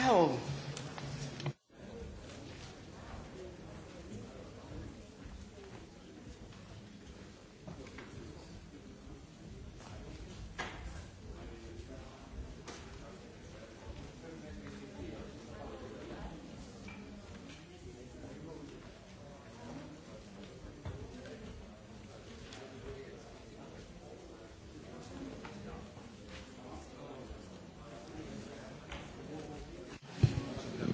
tell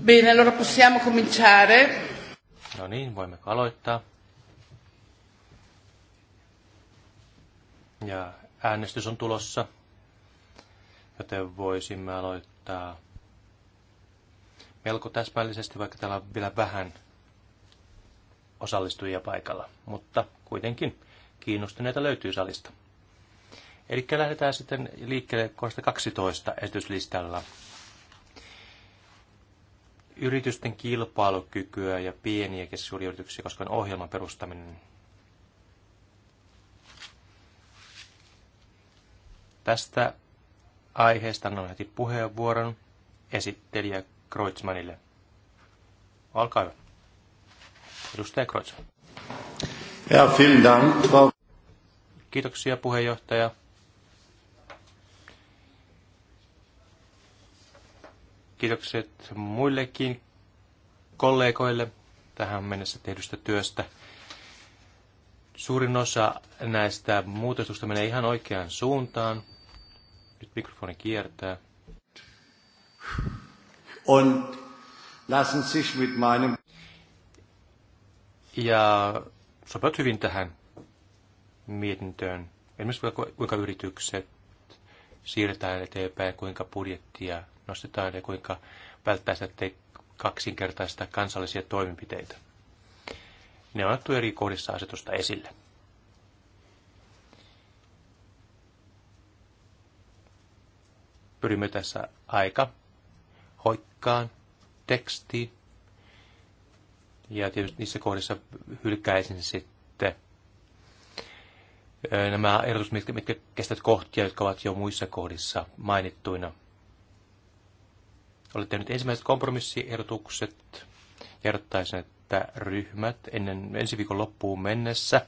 Bene, allora possiamo cominciare. No niin, voimme aloittaa. Ja äänestys on tulossa, joten voisimme aloittaa melko täsmällisesti, vaikka täällä on vielä vähän osallistujia paikalla. Mutta kuitenkin kiinnostuneita löytyy salista. Eli lähdetään sitten liikkeelle kohdasta 12 esityslistalla yritysten kilpailukykyä ja pieniä keskisuuria yrityksiä koskevan ohjelman perustaminen. Tästä aiheesta annan heti puheenvuoron esittelijä Kreutzmanille. Olkaa hyvä. Edustaja Kreutzman. Ja, vielen Kiitoksia puheenjohtaja. Kiitokset muillekin kollegoille tähän mennessä tehdystä työstä. Suurin osa näistä muutostusta menee ihan oikeaan suuntaan. Nyt mikrofoni kiertää. Und lassen sich mit meinem... Ja sopivat hyvin tähän mietintöön. Esimerkiksi kuinka yritykset siirretään eteenpäin, kuinka budjettia nostetaan ja kuinka välttää sitä, ettei kaksinkertaista kansallisia toimenpiteitä. Ne on otettu eri kohdissa asetusta esille. Pyrimme tässä aika hoikkaan tekstiin. Ja tietysti niissä kohdissa hylkäisin sitten nämä ehdotukset, mitkä, mitkä kestävät kohtia, jotka ovat jo muissa kohdissa mainittuina – Olette tehnyt ensimmäiset kompromissiehdotukset ehdottaisin, että ryhmät ennen ensi viikon loppuun mennessä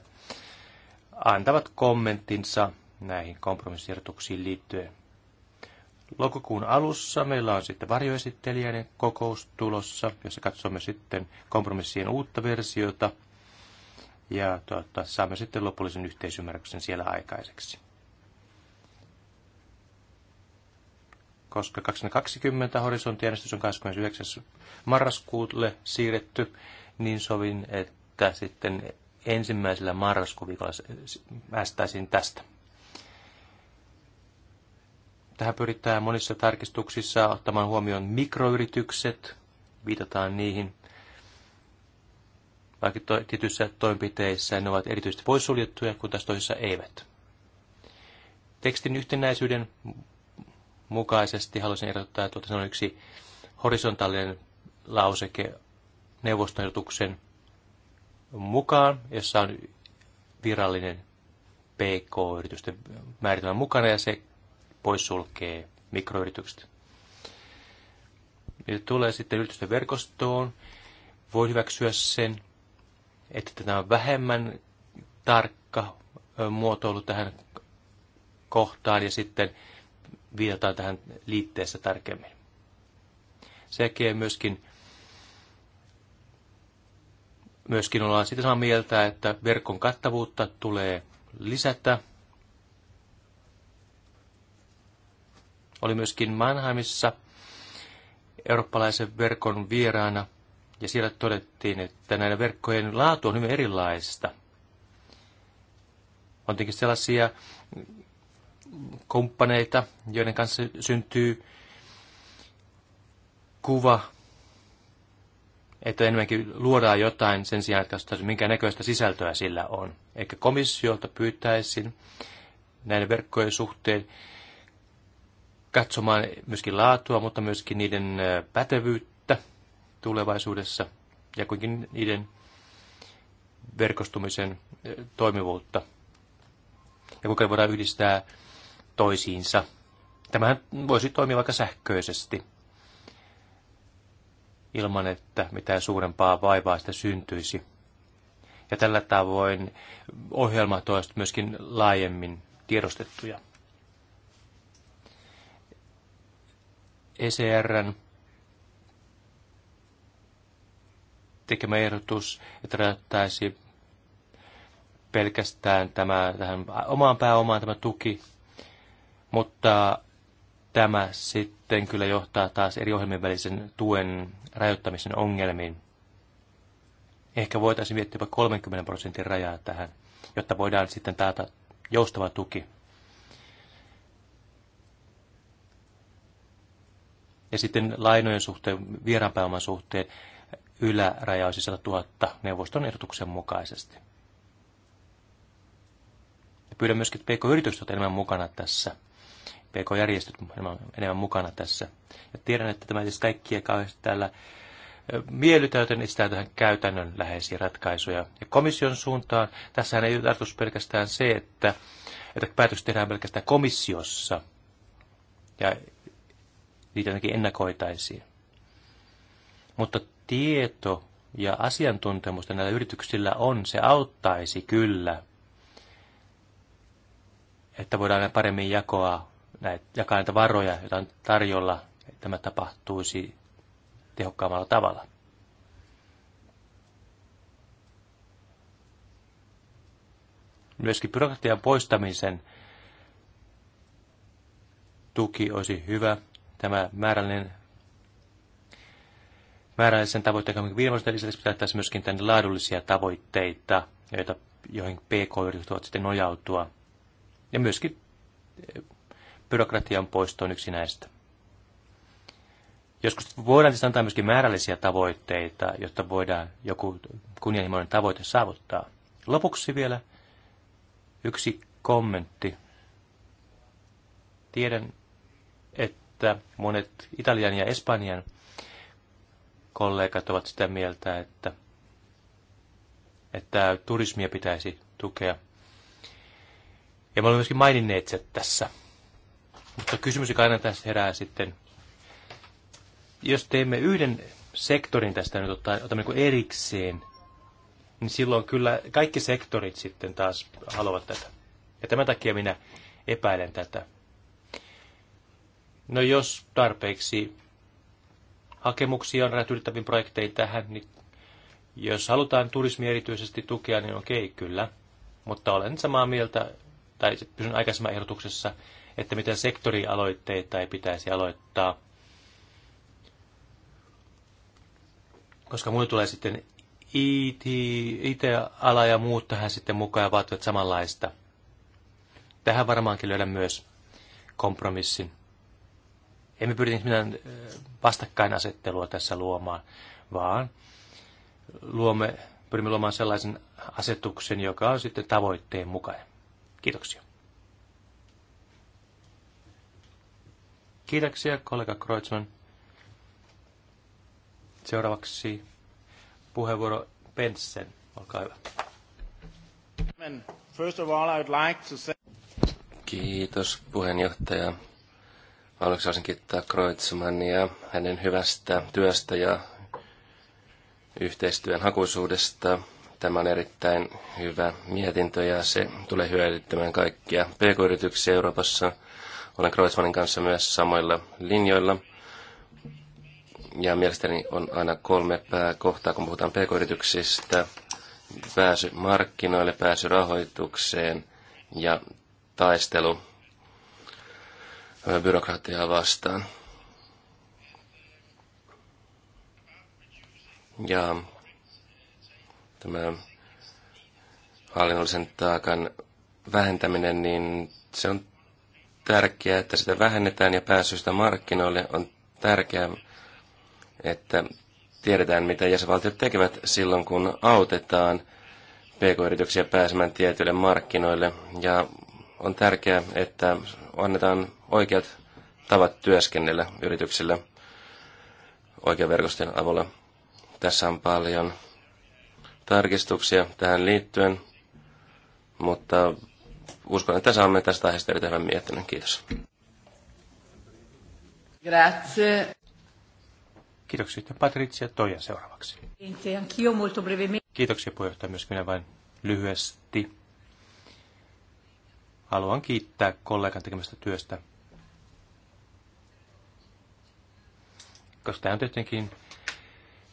antavat kommenttinsa näihin kompromissiehdotuksiin liittyen. Lokakuun alussa meillä on sitten varjoesittelijäinen kokous tulossa, jossa katsomme sitten kompromissien uutta versiota ja tuota, saamme sitten lopullisen yhteisymmärryksen siellä aikaiseksi. koska 2020 horisontiäänestys on 29. marraskuulle siirretty, niin sovin, että sitten ensimmäisellä marraskuviikolla päästäisiin tästä. Tähän pyritään monissa tarkistuksissa ottamaan huomioon mikroyritykset, viitataan niihin. Vaikka to, tietyissä toimenpiteissä ne ovat erityisesti poissuljettuja, kun taas toisissa eivät. Tekstin yhtenäisyyden mukaisesti haluaisin ehdottaa, että se on yksi horisontaalinen lauseke neuvostoehdotuksen mukaan, jossa on virallinen PK-yritysten määritelmä mukana ja se poissulkee mikroyritykset. Mitä tulee sitten yritysten verkostoon, voi hyväksyä sen, että tämä on vähemmän tarkka muotoilu tähän kohtaan ja sitten viitataan tähän liitteessä tarkemmin. Sekin myöskin, myöskin ollaan sitä samaa mieltä, että verkon kattavuutta tulee lisätä. Oli myöskin Mannheimissa eurooppalaisen verkon vieraana, ja siellä todettiin, että näiden verkkojen laatu on hyvin erilaista. On tietenkin sellaisia kumppaneita, joiden kanssa syntyy kuva, että enemmänkin luodaan jotain sen sijaan, että katsotaan, minkä näköistä sisältöä sillä on. Eikä komissiolta pyytäisin näiden verkkojen suhteen katsomaan myöskin laatua, mutta myöskin niiden pätevyyttä tulevaisuudessa ja kuitenkin niiden verkostumisen toimivuutta. Ja kuinka voidaan yhdistää toisiinsa. Tämähän voisi toimia vaikka sähköisesti, ilman että mitään suurempaa vaivaa sitä syntyisi. Ja tällä tavoin ohjelmat olisivat myöskin laajemmin tiedostettuja. ECRn tekemä ehdotus, että rajoittaisi pelkästään tämä, tähän omaan pääomaan tämä tuki, mutta tämä sitten kyllä johtaa taas eri ohjelmien välisen tuen rajoittamisen ongelmiin. Ehkä voitaisiin miettiä jopa 30 prosentin rajaa tähän, jotta voidaan sitten taata joustava tuki. Ja sitten lainojen suhteen, vieraanpääoman suhteen, yläraja olisi 100 000 neuvoston ehdotuksen mukaisesti. Ja pyydän myöskin, että pk-yritykset ovat enemmän mukana tässä PK-järjestöt enemmän mukana tässä. Ja tiedän, että tämä ei siis kaikkia kauheasti täällä miellytä, joten etsitään tähän käytännön läheisiä ratkaisuja. Ja komission suuntaan, tässähän ei ole tarkoitus pelkästään se, että, että päätös tehdään pelkästään komissiossa ja niitä jotenkin ennakoitaisiin. Mutta tieto ja asiantuntemusta näillä yrityksillä on, se auttaisi kyllä, että voidaan paremmin jakoa näitä, jakaa näitä varoja, joita on tarjolla, että tämä tapahtuisi tehokkaammalla tavalla. Myöskin byrokratian poistamisen tuki olisi hyvä. Tämä määrällinen määrällisen tavoitteen viimeisten lisäksi pitää tässä myöskin tänne laadullisia tavoitteita, joita, joihin PK-yritykset voivat sitten nojautua. Ja myöskin byrokratian poisto on yksi näistä. Joskus voidaan siis antaa myöskin määrällisiä tavoitteita, jotta voidaan joku kunnianhimoinen tavoite saavuttaa. Lopuksi vielä yksi kommentti. Tiedän, että monet Italian ja Espanjan kollegat ovat sitä mieltä, että, että turismia pitäisi tukea. Ja me olemme myöskin maininneet se tässä mutta kysymys, joka aina tässä herää sitten, jos teemme yhden sektorin tästä nyt ottaa, otamme niin kuin erikseen, niin silloin kyllä kaikki sektorit sitten taas haluavat tätä. Ja tämän takia minä epäilen tätä. No jos tarpeeksi hakemuksia on räätyydyttäviin projekteihin tähän, niin jos halutaan turismi erityisesti tukea, niin okei, kyllä. Mutta olen samaa mieltä, tai pysyn aikaisemmassa ehdotuksessa, että mitä sektorialoitteita ei pitäisi aloittaa, koska muille tulee sitten IT, IT-ala ja muut tähän sitten mukaan ja vaativat samanlaista. Tähän varmaankin löydän myös kompromissin. Emme pyri mitään vastakkainasettelua tässä luomaan, vaan luomme, pyrimme luomaan sellaisen asetuksen, joka on sitten tavoitteen mukainen. Kiitoksia. Kiitoksia, kollega Kreutzmann. Seuraavaksi puheenvuoro Pentsen. Olkaa hyvä. First of all, like to say... Kiitos puheenjohtaja. Aluksi haluaisin kiittää Kreutzmannia hänen hyvästä työstä ja yhteistyön hakuisuudesta. Tämä on erittäin hyvä mietintö ja se tulee hyödyttämään kaikkia pk-yrityksiä Euroopassa – olen Kreutzmannin kanssa myös samoilla linjoilla. Ja mielestäni on aina kolme pääkohtaa, kun puhutaan pk-yrityksistä. Pääsy markkinoille, pääsy rahoitukseen ja taistelu byrokratiaa vastaan. Ja tämä hallinnollisen taakan vähentäminen, niin se on tärkeää, että sitä vähennetään ja pääsystä markkinoille on tärkeää, että tiedetään, mitä jäsenvaltiot tekevät silloin, kun autetaan pk-yrityksiä pääsemään tietyille markkinoille. Ja on tärkeää, että annetaan oikeat tavat työskennellä yrityksille oikean verkostojen avulla. Tässä on paljon tarkistuksia tähän liittyen, mutta uskon, että saamme tästä aiheesta erittäin hyvän Kiitos. Grazie. Kiitoksia. Sitten Patricia Toja seuraavaksi. Kiitoksia puheenjohtaja myös minä vain lyhyesti. Haluan kiittää kollegan tekemästä työstä. Koska tämä on tietenkin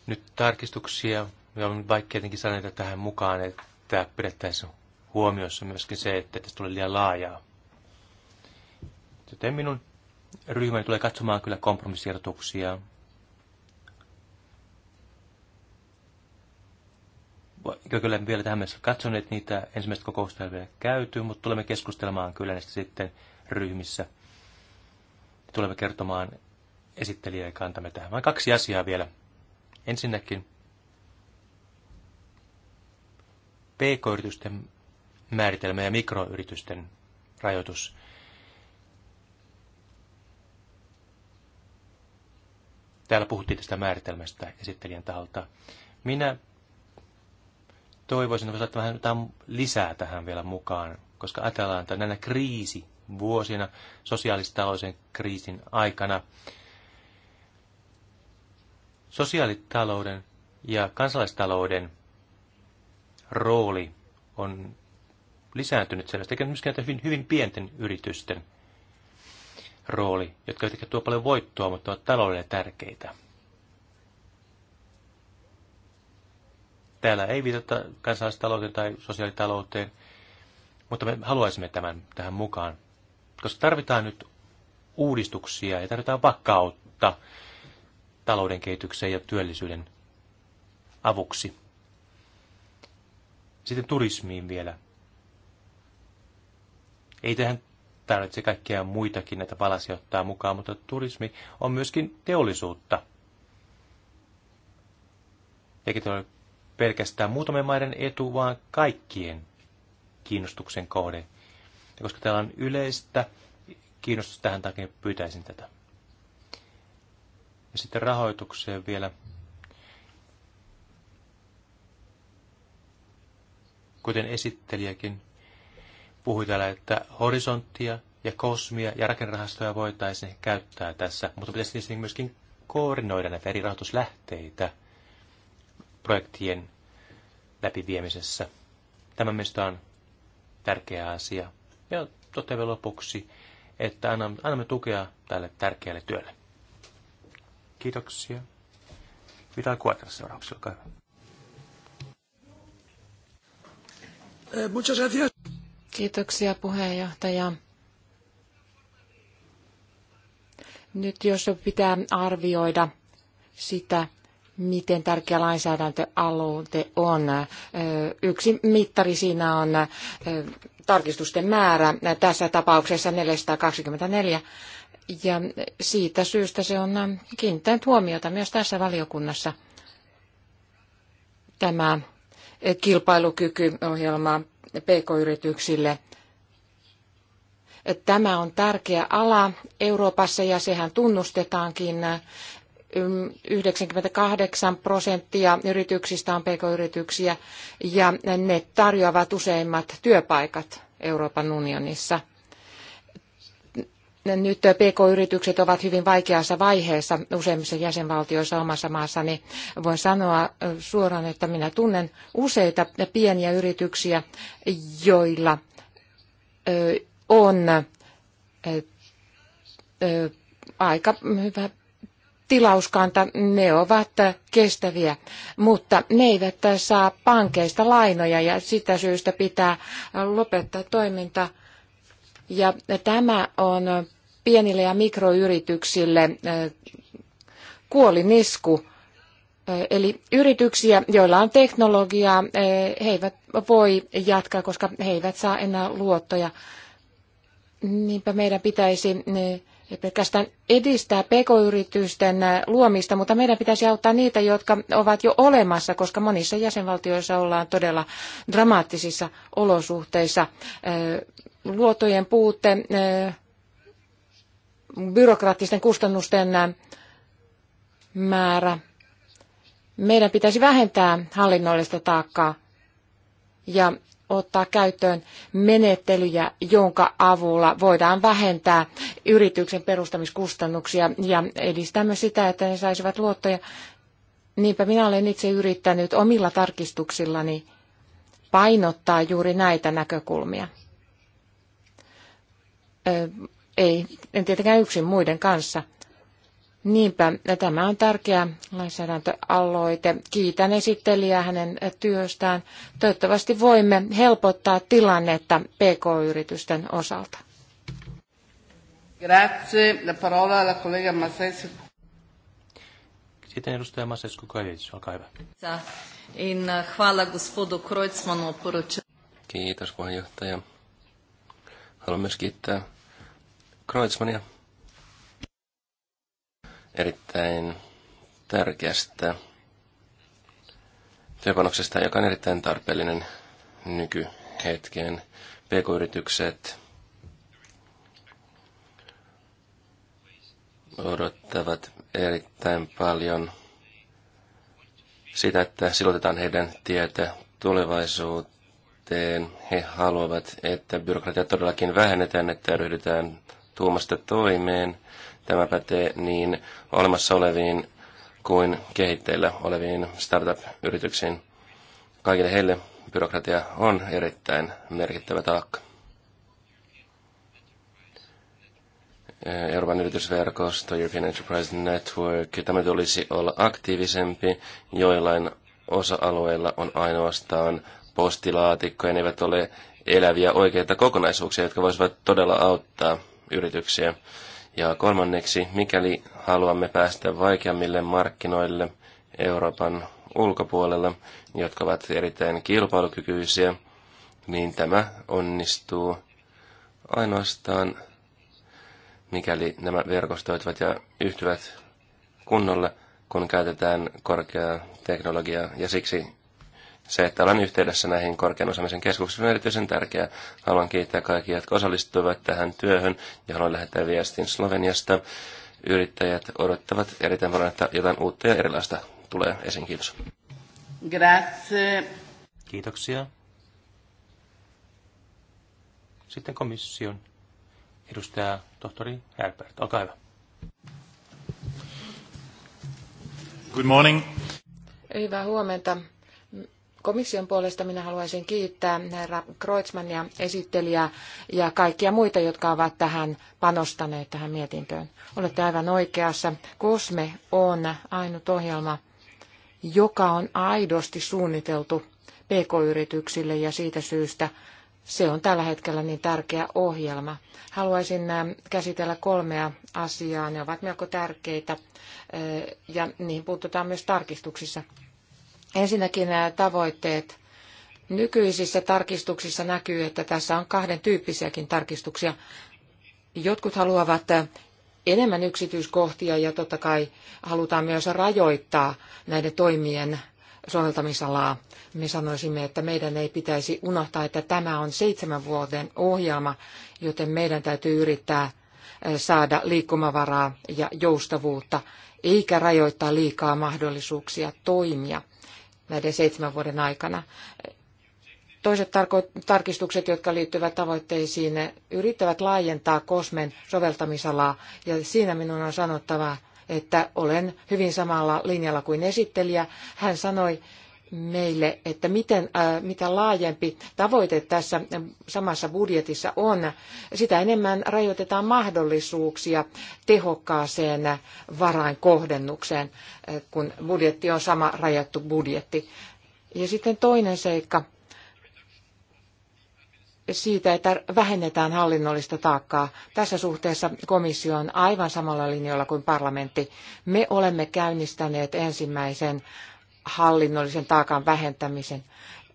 nyt tarkistuksia, ja on vaikea tietenkin sanoa tähän mukaan, että pidettäisiin huomiossa myöskin se, että tästä tulee liian laajaa. Joten minun ryhmäni tulee katsomaan kyllä kompromissiertuksia. Kyllä vielä tähän mennessä katsoneet niitä ensimmäistä kokousta vielä käyty, mutta tulemme keskustelemaan kyllä näistä sitten ryhmissä. Tulemme kertomaan esittelijä ja kantamme tähän. Vain kaksi asiaa vielä. Ensinnäkin pk-yritysten määritelmä ja mikroyritysten rajoitus. Täällä puhuttiin tästä määritelmästä esittelijän taholta. Minä toivoisin, että vähän jotain lisää tähän vielä mukaan, koska ajatellaan, että näinä kriisivuosina, sosiaalistaloisen kriisin aikana, sosiaalitalouden ja kansalaistalouden rooli on lisääntynyt sellaista, eikä myöskään hyvin, hyvin pienten yritysten rooli, jotka jotenkin tuo paljon voittoa, mutta ovat taloudelle tärkeitä. Täällä ei viitata kansalaistalouteen tai sosiaalitalouteen, mutta me haluaisimme tämän tähän mukaan, koska tarvitaan nyt uudistuksia ja tarvitaan vakautta talouden kehitykseen ja työllisyyden avuksi. Sitten turismiin vielä. Ei tähän tarvitse kaikkia muitakin näitä palasia ottaa mukaan, mutta turismi on myöskin teollisuutta. Eikä ole pelkästään muutamien maiden etu, vaan kaikkien kiinnostuksen kohde. Ja koska täällä on yleistä kiinnostusta tähän takia, niin pyytäisin tätä. Ja sitten rahoitukseen vielä. Kuten esittelijäkin puhui täällä, että horisonttia ja kosmia ja rakennerahastoja voitaisiin käyttää tässä, mutta pitäisi tietysti myöskin koordinoida näitä eri rahoituslähteitä projektien läpiviemisessä. Tämä mielestäni on tärkeä asia. Ja toteamme lopuksi, että annamme tukea tälle tärkeälle työlle. Kiitoksia. Vidal Cuadras seuraavaksi, olkaa hyvä. Eh, muchas gracias. Kiitoksia puheenjohtaja. Nyt jos pitää arvioida sitä, miten tärkeä lainsäädäntöaloite on. Yksi mittari siinä on tarkistusten määrä, tässä tapauksessa 424, ja siitä syystä se on kiinnittänyt huomiota myös tässä valiokunnassa. Tämä kilpailukykyohjelma pk-yrityksille. Tämä on tärkeä ala Euroopassa ja sehän tunnustetaankin. 98 prosenttia yrityksistä on pk-yrityksiä ja ne tarjoavat useimmat työpaikat Euroopan unionissa nyt PK-yritykset ovat hyvin vaikeassa vaiheessa useimmissa jäsenvaltioissa omassa maassani. Voin sanoa suoraan, että minä tunnen useita pieniä yrityksiä, joilla on aika hyvä tilauskanta, ne ovat kestäviä, mutta ne eivät saa pankeista lainoja ja sitä syystä pitää lopettaa toiminta ja tämä on pienille ja mikroyrityksille eh, kuolinisku. Eh, eli yrityksiä, joilla on teknologiaa, eh, he eivät voi jatkaa, koska he eivät saa enää luottoja. Niinpä meidän pitäisi ei pelkästään edistää pk-yritysten luomista, mutta meidän pitäisi auttaa niitä, jotka ovat jo olemassa, koska monissa jäsenvaltioissa ollaan todella dramaattisissa olosuhteissa luotojen puute, eh, byrokraattisten kustannusten eh, määrä. Meidän pitäisi vähentää hallinnollista taakkaa ja ottaa käyttöön menettelyjä, jonka avulla voidaan vähentää yrityksen perustamiskustannuksia ja edistämme sitä, että ne saisivat luottoja. Niinpä minä olen itse yrittänyt omilla tarkistuksillani painottaa juuri näitä näkökulmia ei, en tietenkään yksin muiden kanssa. Niinpä, tämä on tärkeä lainsäädäntöaloite. Kiitän esittelijää hänen työstään. Toivottavasti voimme helpottaa tilannetta PK-yritysten osalta. Grazie. La parola alla collega Masescu. Sitten edustaja Masescu Kajic, olkaa hyvä. In eh, hvala gospodu Kreutzmanu Kiitos puheenjohtaja. Haluan myös kiittää Kreutzmania erittäin tärkeästä työpanoksesta, joka on erittäin tarpeellinen nykyhetkeen. PK-yritykset odottavat erittäin paljon sitä, että silotetaan heidän tietä tulevaisuuteen suhteen. He haluavat, että byrokratia todellakin vähennetään, että ryhdytään tuomasta toimeen. Tämä pätee niin olemassa oleviin kuin kehitteillä oleviin startup-yrityksiin. Kaikille heille byrokratia on erittäin merkittävä taakka. Euroopan yritysverkosto, European Enterprise Network, tämä tulisi olla aktiivisempi. Joillain osa-alueilla on ainoastaan postilaatikkoja, ne eivät ole eläviä oikeita kokonaisuuksia, jotka voisivat todella auttaa yrityksiä. Ja kolmanneksi, mikäli haluamme päästä vaikeammille markkinoille Euroopan ulkopuolella, jotka ovat erittäin kilpailukykyisiä, niin tämä onnistuu ainoastaan, mikäli nämä verkostoituvat ja yhtyvät kunnolla, kun käytetään korkeaa teknologiaa. Ja siksi se, että olen yhteydessä näihin korkean osaamisen keskuksiin, on erityisen tärkeää. Haluan kiittää kaikkia, jotka osallistuivat tähän työhön ja haluan lähettää viestin Sloveniasta. Yrittäjät odottavat erittäin paljon, että jotain uutta ja erilaista tulee esiin. Kiitos. Grazie. Kiitoksia. Sitten komission edustaja tohtori Herbert, olkaa hyvä. Good morning. Hyvää huomenta. Komission puolesta minä haluaisin kiittää herra Kreutzmannia, esittelijää ja kaikkia muita, jotka ovat tähän panostaneet tähän mietintöön. Olette aivan oikeassa. Kosme on ainut ohjelma, joka on aidosti suunniteltu pk-yrityksille ja siitä syystä se on tällä hetkellä niin tärkeä ohjelma. Haluaisin käsitellä kolmea asiaa. Ne ovat melko tärkeitä ja niihin puututaan myös tarkistuksissa. Ensinnäkin nämä tavoitteet. Nykyisissä tarkistuksissa näkyy, että tässä on kahden tyyppisiäkin tarkistuksia. Jotkut haluavat enemmän yksityiskohtia ja totta kai halutaan myös rajoittaa näiden toimien soveltamisalaa. Me sanoisimme, että meidän ei pitäisi unohtaa, että tämä on seitsemän vuoden ohjelma, joten meidän täytyy yrittää saada liikkumavaraa ja joustavuutta, eikä rajoittaa liikaa mahdollisuuksia toimia näiden seitsemän vuoden aikana. Toiset tarkistukset, jotka liittyvät tavoitteisiin, yrittävät laajentaa kosmen soveltamisalaa, ja siinä minun on sanottava, että olen hyvin samalla linjalla kuin esittelijä. Hän sanoi, meille, että miten, äh, mitä laajempi tavoite tässä samassa budjetissa on, sitä enemmän rajoitetaan mahdollisuuksia tehokkaaseen varainkohdennukseen, äh, kun budjetti on sama rajattu budjetti. Ja sitten toinen seikka siitä, että vähennetään hallinnollista taakkaa. Tässä suhteessa komissio on aivan samalla linjalla kuin parlamentti. Me olemme käynnistäneet ensimmäisen hallinnollisen taakan vähentämisen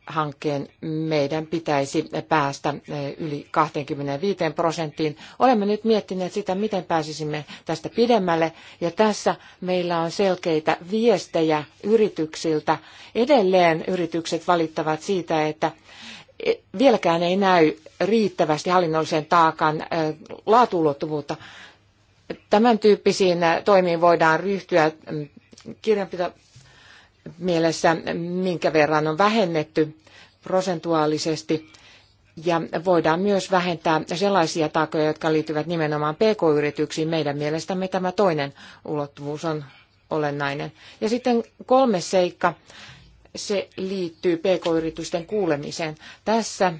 hankkeen meidän pitäisi päästä eh, yli 25 prosenttiin. Olemme nyt miettineet sitä, miten pääsisimme tästä pidemmälle, ja tässä meillä on selkeitä viestejä yrityksiltä. Edelleen yritykset valittavat siitä, että eh, vieläkään ei näy riittävästi hallinnollisen taakan eh, laatuulottuvuutta. Tämän tyyppisiin toimiin voidaan ryhtyä mm, kirjanpito mielessä, minkä verran on vähennetty prosentuaalisesti. Ja voidaan myös vähentää sellaisia taakkoja, jotka liittyvät nimenomaan pk-yrityksiin. Meidän mielestämme tämä toinen ulottuvuus on olennainen. Ja sitten kolmas seikka, se liittyy pk-yritysten kuulemiseen. Tässä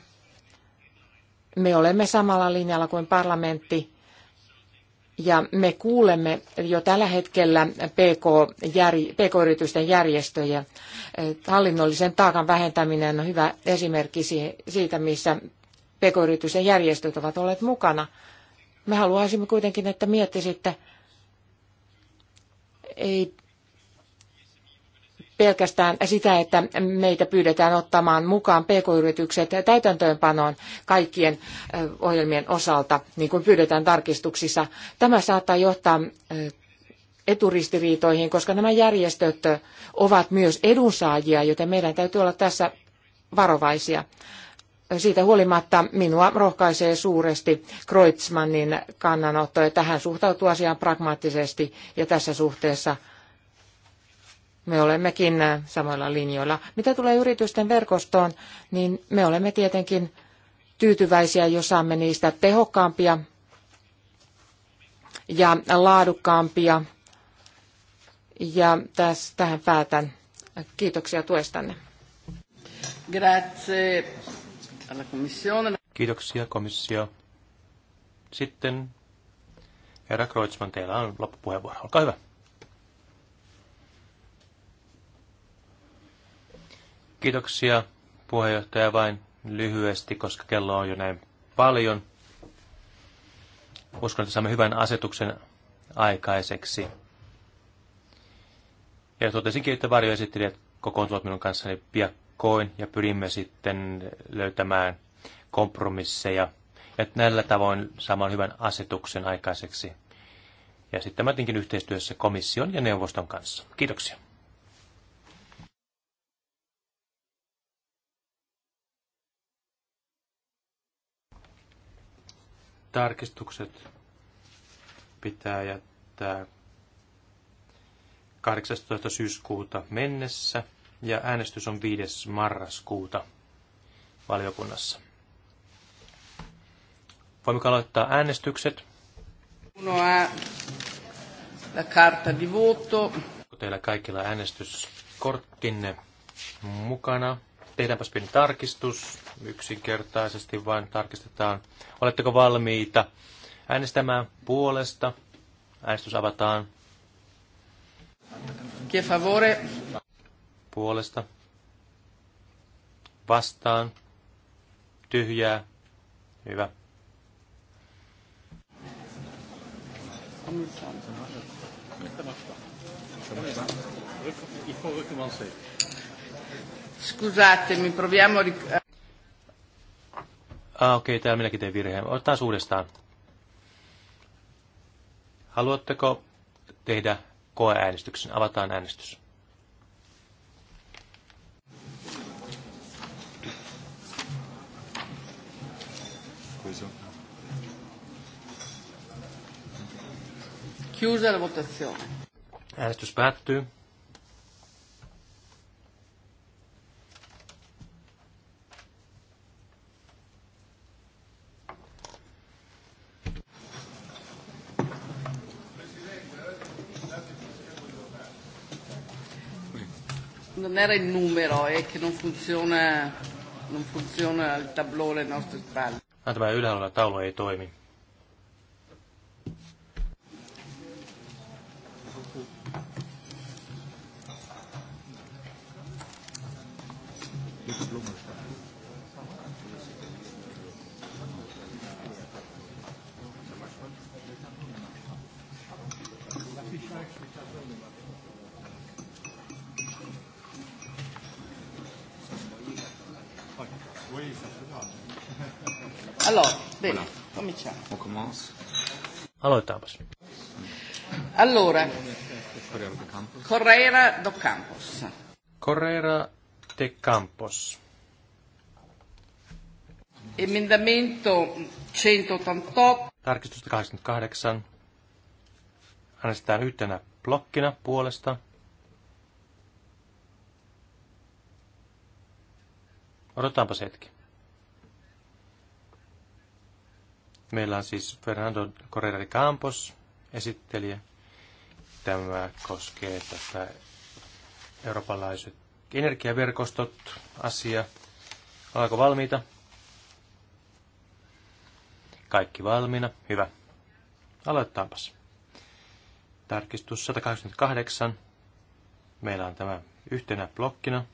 me olemme samalla linjalla kuin parlamentti ja me kuulemme jo tällä hetkellä PK-yritysten järjestöjä. Äh, hallinnollisen taakan vähentäminen on hyvä esimerkki siitä, missä PK-yritysten järjestöt ovat olleet mukana. Me haluaisimme kuitenkin, että miettisitte, ei pelkästään sitä, että meitä pyydetään ottamaan mukaan pk-yritykset täytäntöönpanoon kaikkien ohjelmien osalta, niin kuin pyydetään tarkistuksissa. Tämä saattaa johtaa eturistiriitoihin, koska nämä järjestöt ovat myös edunsaajia, joten meidän täytyy olla tässä varovaisia. Siitä huolimatta minua rohkaisee suuresti Kreutzmannin kannanotto, että hän suhtautuu asiaan pragmaattisesti ja tässä suhteessa – me olemmekin samoilla linjoilla. Mitä tulee yritysten verkostoon, niin me olemme tietenkin tyytyväisiä, jos saamme niistä tehokkaampia ja laadukkaampia. Ja tässä, tähän päätän. Kiitoksia tuestanne. Grazie alla Kiitoksia komissio. Sitten herra Kreutzmann, teillä on loppupuheenvuoro. Olkaa hyvä. Kiitoksia puheenjohtaja vain lyhyesti, koska kello on jo näin paljon. Uskon, että saamme hyvän asetuksen aikaiseksi. Ja totesinkin, että varjoesittelijät kokoontuvat minun kanssani piakkoin ja pyrimme sitten löytämään kompromisseja. Ja näillä tavoin saamaan hyvän asetuksen aikaiseksi. Ja sitten mä yhteistyössä komission ja neuvoston kanssa. Kiitoksia. tarkistukset pitää jättää 18. syyskuuta mennessä ja äänestys on 5. marraskuuta valiokunnassa. Voimme aloittaa äänestykset. Uno ha la carta di voto. Teillä kaikilla äänestyskorttinne mukana tehdäänpäs pieni tarkistus. Yksinkertaisesti vain tarkistetaan. Oletteko valmiita äänestämään puolesta? Äänestys avataan. Che favore. Puolesta. Vastaan. Tyhjää. Hyvä. Il faut recommencer. Scusatemi, proviamo... Ah, okei, okay, täällä minäkin tein virheen. Otetaan uudestaan. Haluatteko tehdä koeäänestyksen? Avataan äänestys. Chiusa la votazione. Äänestys päättyy. non era il numero, è che non funziona, non funziona il tablone alle nostre spalle. Ah, tämä ylhäällä taulu ei toimi. Aloitetaanpas. Allora, Correra do Campos. Correra de Campos. Emendamento 188. Tarkistus 88. Äänestetään yhtenä blokkina puolesta. Odotetaanpas hetki. Meillä on siis Fernando Correa de Campos esittelijä. Tämä koskee tätä eurooppalaiset energiaverkostot asia. Ollaanko valmiita? Kaikki valmiina. Hyvä. Aloitetaanpas. Tarkistus 188. Meillä on tämä yhtenä blokkina.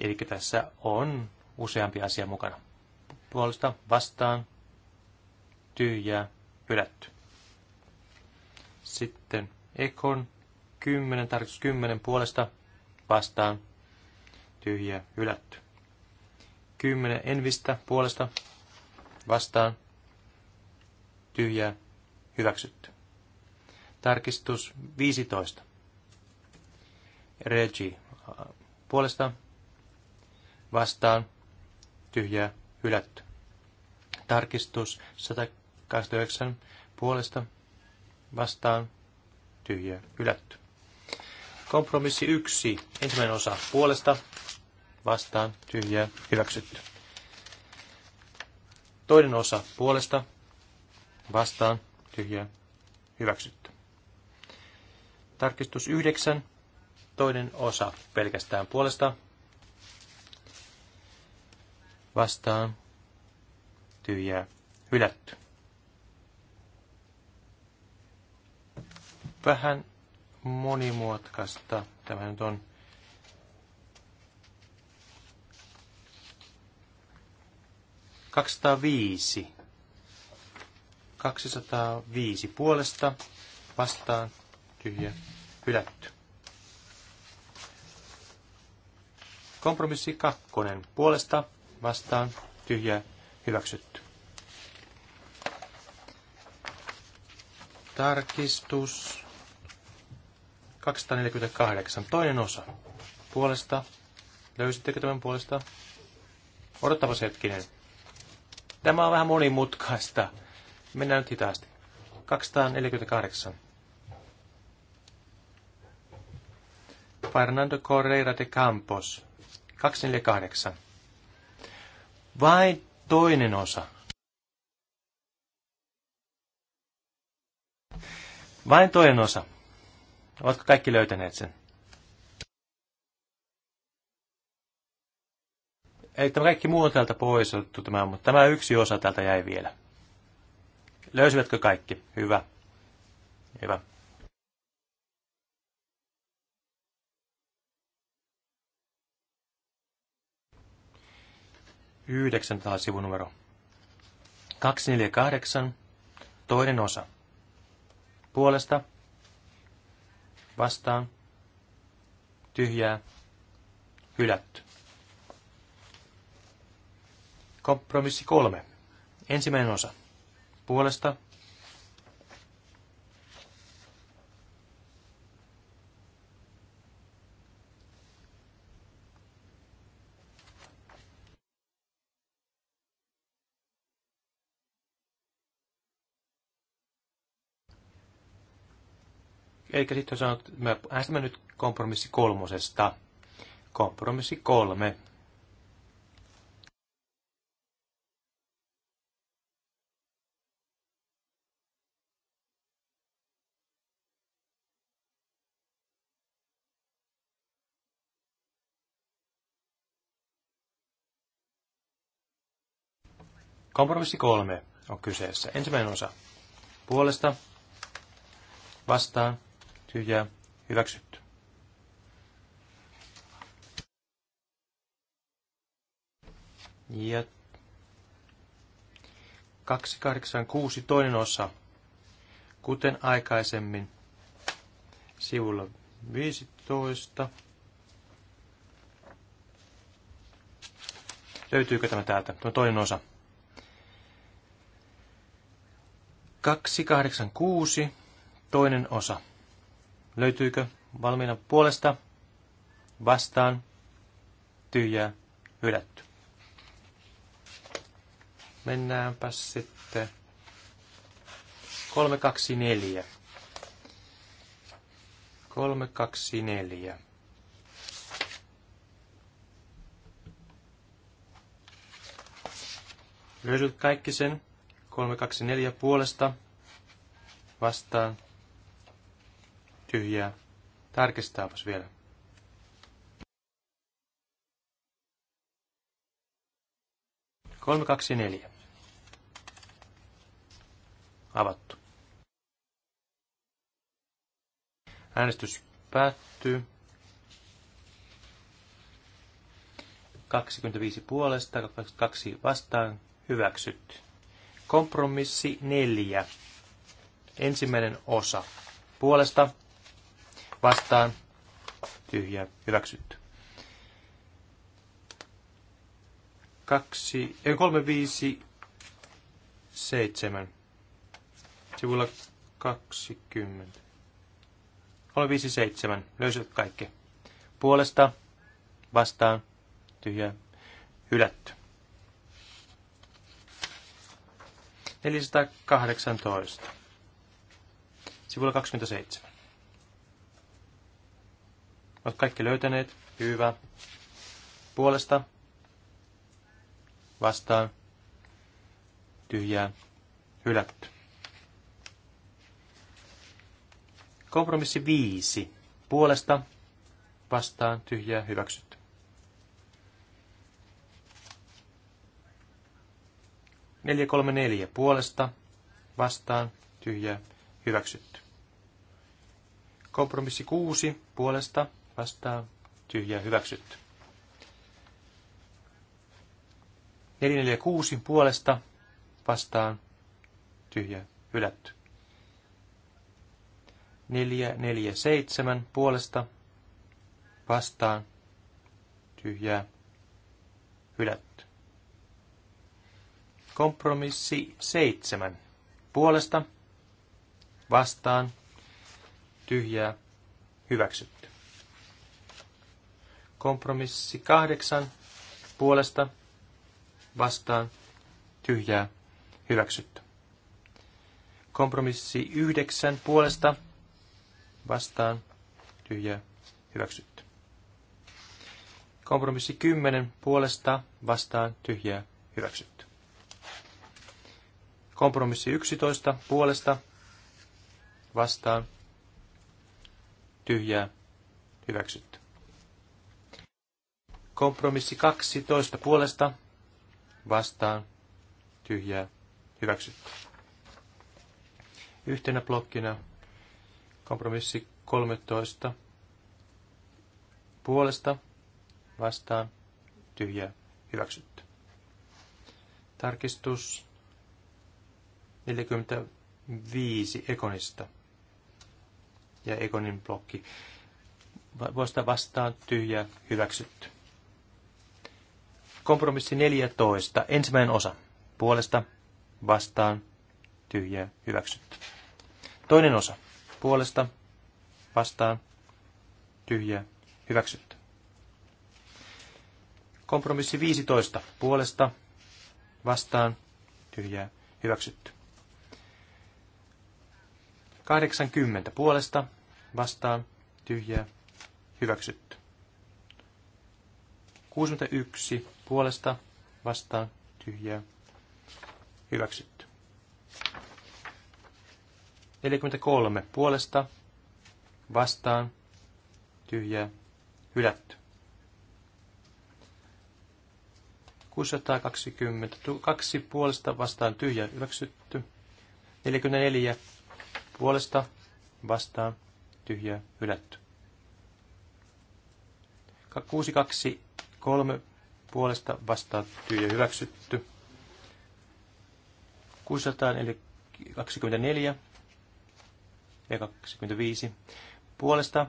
Eli tässä on useampi asia mukana. Puolesta vastaan, tyhjää, hylätty. Sitten Ekon 10, tarkoitus 10 puolesta vastaan, tyhjää, hylätty. 10 Envistä puolesta vastaan, tyhjää, hyväksytty. Tarkistus 15. Regi äh, puolesta vastaan, tyhjää hylätty. Tarkistus 129 puolesta vastaan tyhjää hylätty. Kompromissi 1, ensimmäinen osa puolesta vastaan tyhjää hyväksytty. Toinen osa puolesta vastaan tyhjää hyväksytty. Tarkistus 9, toinen osa pelkästään puolesta vastaan tyhjää hylätty. Vähän monimuotkasta tämä nyt on. Kaksisataa viisi. 205 puolesta vastaan tyhjä hylätty. Kompromissi kakkonen puolesta vastaan tyhjä hyväksytty. Tarkistus 248, toinen osa. Puolesta, löysittekö tämän puolesta? odottavasi hetkinen. Tämä on vähän monimutkaista. Mennään nyt hitaasti. 248. Fernando Correira de Campos. 248. Vai toinen osa. Vain toinen osa. Oletko kaikki löytäneet sen? Eli tämä kaikki muu on täältä pois otettu tämä, mutta tämä yksi osa täältä jäi vielä. Löysivätkö kaikki? Hyvä. Hyvä. 900 sivunumero. 248, toinen osa. Puolesta, vastaan, tyhjää, hylätty. Kompromissi kolme. Ensimmäinen osa. Puolesta, Eli sitten on sanottu, että me äänestämme nyt kompromissi kolmosesta. Kompromissi kolme. Kompromissi kolme on kyseessä. Ensimmäinen osa. Puolesta, vastaan, tyhjää hyväksytty. Ja 286 toinen osa, kuten aikaisemmin sivulla 15. Löytyykö tämä täältä? Tuo toinen osa. 286, toinen osa. Löytyykö valmiina puolesta? Vastaan. Tyhjää. Hylätty. Mennäänpä sitten 324. 324. Löydyt kaikki sen 324 puolesta vastaan tyhjää. Tarkistaapas vielä. Kolme, kaksi, neljä. Avattu. Äänestys päättyy. 25 puolesta, 22 vastaan, hyväksytty. Kompromissi 4. Ensimmäinen osa. Puolesta vastaan tyhjä hyväksytty. Kaksi, ei, kolme, viisi, seitsemän. Sivulla 20. seitsemän. Löysit kaikki. Puolesta, vastaan, tyhjä, hylätty. 418. Sivulla 27. Olet kaikki löytäneet? Hyvä. Puolesta. Vastaan. Tyhjää. Hylätty. Kompromissi viisi. Puolesta. Vastaan. Tyhjää. Hyväksytty. Neljä kolme neljä. Puolesta. Vastaan. Tyhjää. Hyväksytty. Kompromissi kuusi. Puolesta vastaa tyhjä hyväksytty. 446 puolesta vastaan tyhjä hylätty. 447 puolesta vastaan tyhjä hylätty. Kompromissi 7 puolesta vastaan tyhjä hyväksytty. Kompromissi kahdeksan puolesta vastaan tyhjää hyväksytty. Kompromissi yhdeksän puolesta vastaan tyhjää hyväksytty. Kompromissi kymmenen puolesta vastaan tyhjää hyväksytty. Kompromissi 11 puolesta vastaan tyhjää hyväksytty. Kompromissi 12 puolesta vastaan tyhjää hyväksytty. Yhtenä blokkina kompromissi 13 puolesta vastaan tyhjää hyväksytty. Tarkistus 45 Ekonista ja Ekonin blokki. Voista vastaan tyhjä hyväksytty. Kompromissi 14. Ensimmäinen osa. Puolesta, vastaan, tyhjää, hyväksytty. Toinen osa. Puolesta, vastaan, tyhjää, hyväksytty. Kompromissi 15. Puolesta, vastaan, tyhjää, hyväksytty. 80. Puolesta, vastaan, tyhjää, hyväksytty. 61 puolesta vastaan tyhjää hyväksytty. 43 puolesta vastaan tyhjää hylätty. 622 puolesta vastaan tyhjä hyväksytty. 44 puolesta vastaan tyhjä hylätty. 62 3 puolesta vastaan tyhjä hyväksytty. 624 ja 25 puolesta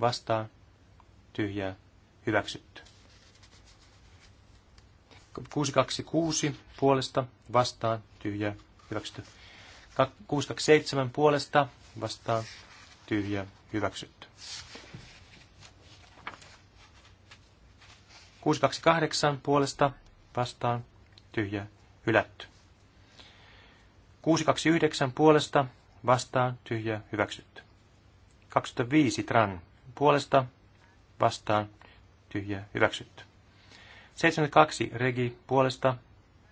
vastaan tyhjää hyväksytty. 626 puolesta vastaan tyhjää hyväksytty. 627 puolesta vastaan tyhjää hyväksytty. 628 puolesta vastaan tyhjä hylätty. 629 puolesta vastaan tyhjä hyväksytty. 25 tran puolesta vastaan tyhjä hyväksytty. 72 regi puolesta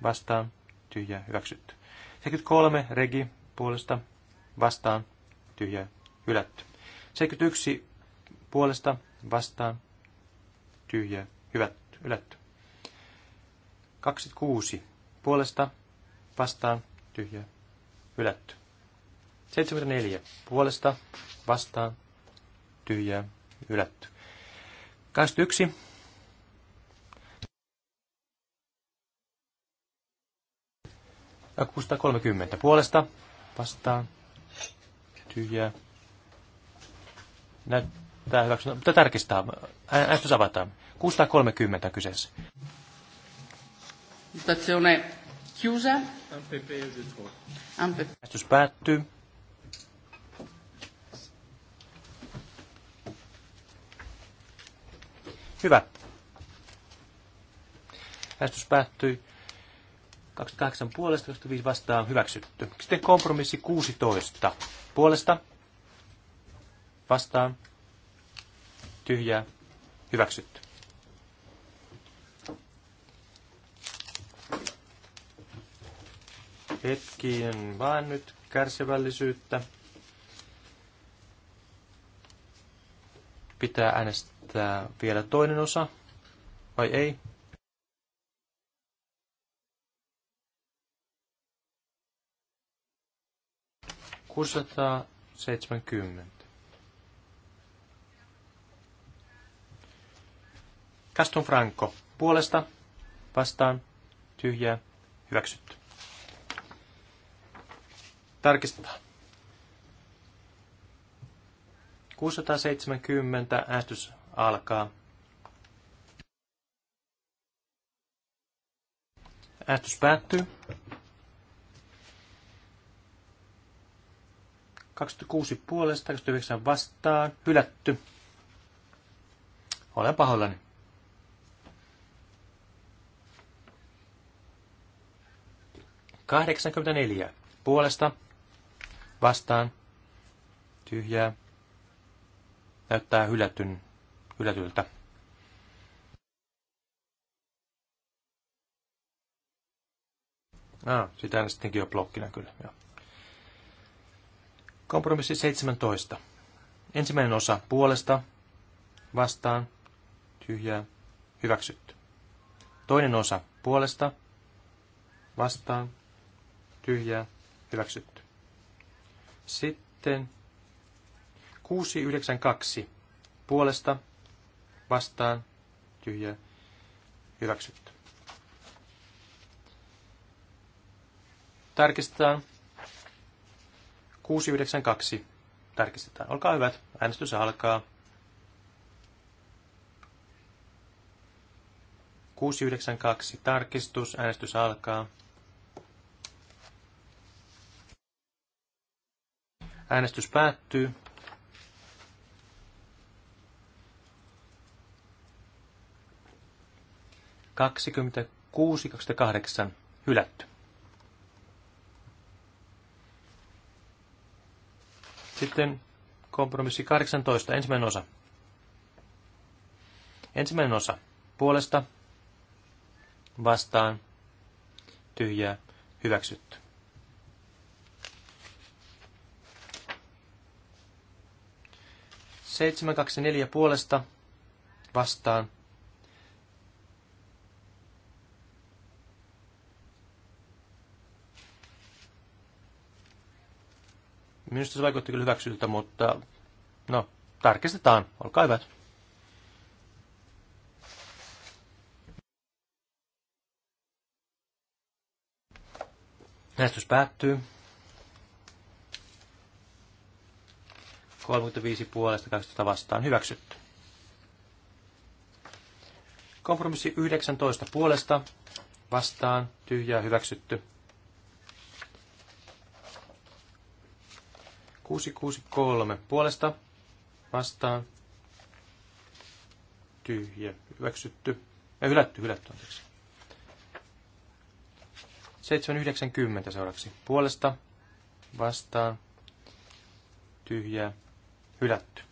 vastaan tyhjä hyväksytty. 73 regi puolesta vastaan tyhjä hylätty. 71 puolesta vastaan tyhjä hyvätty ylätty. 26. Puolesta vastaan tyhjä. ylätty. 74. Puolesta vastaan tyhjä ylätty. 21. Ja 630. Puolesta vastaan tyhjä Näyttää hyväksyä. Mutta tarkistaa. Äänestys avataan. 630 kyseessä. Stazione chiusa. Äänestys päättyy. Hyvä. Äänestys päättyi 28 puolesta, 25 vastaan hyväksytty. Sitten kompromissi 16. Puolesta vastaan tyhjää hyväksytty. Hetkiin vaan nyt kärsivällisyyttä. Pitää äänestää vielä toinen osa, vai ei? Kuusisataa seitsemänkymmentä. Gaston Franco. Puolesta. Vastaan. Tyhjää. Hyväksytty. Tarkistetaan. 670 äänestys alkaa. Äänestys päättyy. 26 puolesta, 29 vastaan, hylätty. Olen pahoillani. Kahdeksankymmentäneljä puolesta vastaan, tyhjää, näyttää hylätyn, hylätyltä. Ah, sitä äänestinkin jo blokkina kyllä. Joo. Kompromissi 17. Ensimmäinen osa puolesta, vastaan, tyhjää, hyväksytty. Toinen osa puolesta, vastaan, tyhjää, hyväksytty. Sitten 692 puolesta vastaan tyhjä hyväksytty. Tarkistetaan. 692. Tarkistetaan. Olkaa hyvät. Äänestys alkaa. 692. Tarkistus. Äänestys alkaa. Äänestys päättyy. Kaksikymmentä kuusi, kahdeksan hylätty. Sitten kompromissi 18, ensimmäinen osa. Ensimmäinen osa. Puolesta, vastaan, tyhjää, hyväksytty. 724 puolesta vastaan. Minusta se vaikutti kyllä hyväksyltä, mutta no, tarkistetaan. Olkaa hyvät. Näistys päättyy. 35 puolesta 12 vastaan hyväksytty. Kompromissi 19 puolesta vastaan tyhjää hyväksytty. 663 puolesta vastaan tyhjä hyväksytty. Ja hylätty, hylätty anteeksi. 790 seuraavaksi puolesta vastaan tyhjää hylätty.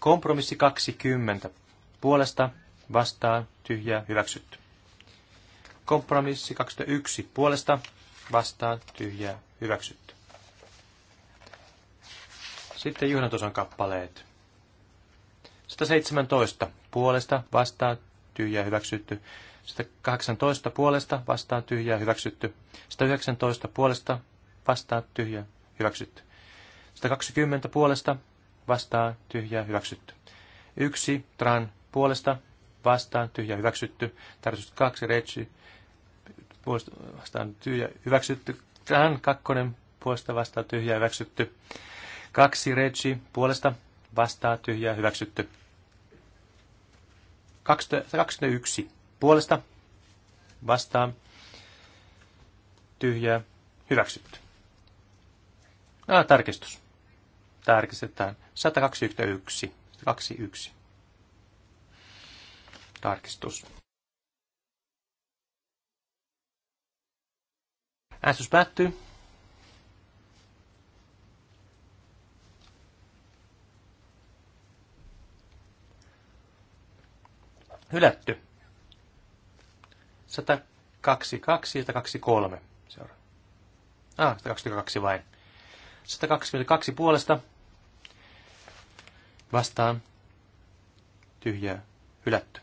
Kompromissi 20. Puolesta, vastaan, tyhjää, hyväksytty. Kompromissi 21. Puolesta, vastaan, tyhjää, hyväksytty. Sitten juhlatoson kappaleet. 117. Puolesta, vastaan, tyhjää, hyväksytty. 118. Puolesta, vastaan, tyhjää, hyväksytty. 119. Puolesta, vastaan, tyhjää, hyväksytty. 120 puolesta vastaa tyhjä hyväksytty. 1 tran puolesta vastaan tyhjä hyväksytty. Tarkoitus 2 reitsi puolesta vastaan tyhjä hyväksytty. Tran kakkonen puolesta vastaa tyhjä hyväksytty. 2 reitsi puolesta vastaa tyhjä hyväksytty. 21 puolesta vastaan tyhjä hyväksytty. Ah, tarkistus. Tarkistetaan. 121. 21. Tarkistus. Äänestys päättyy. Hylätty. 122 ja 123. Seuraava. Ah, 122 vain. 122 puolesta vastaan tyhjää hylätty.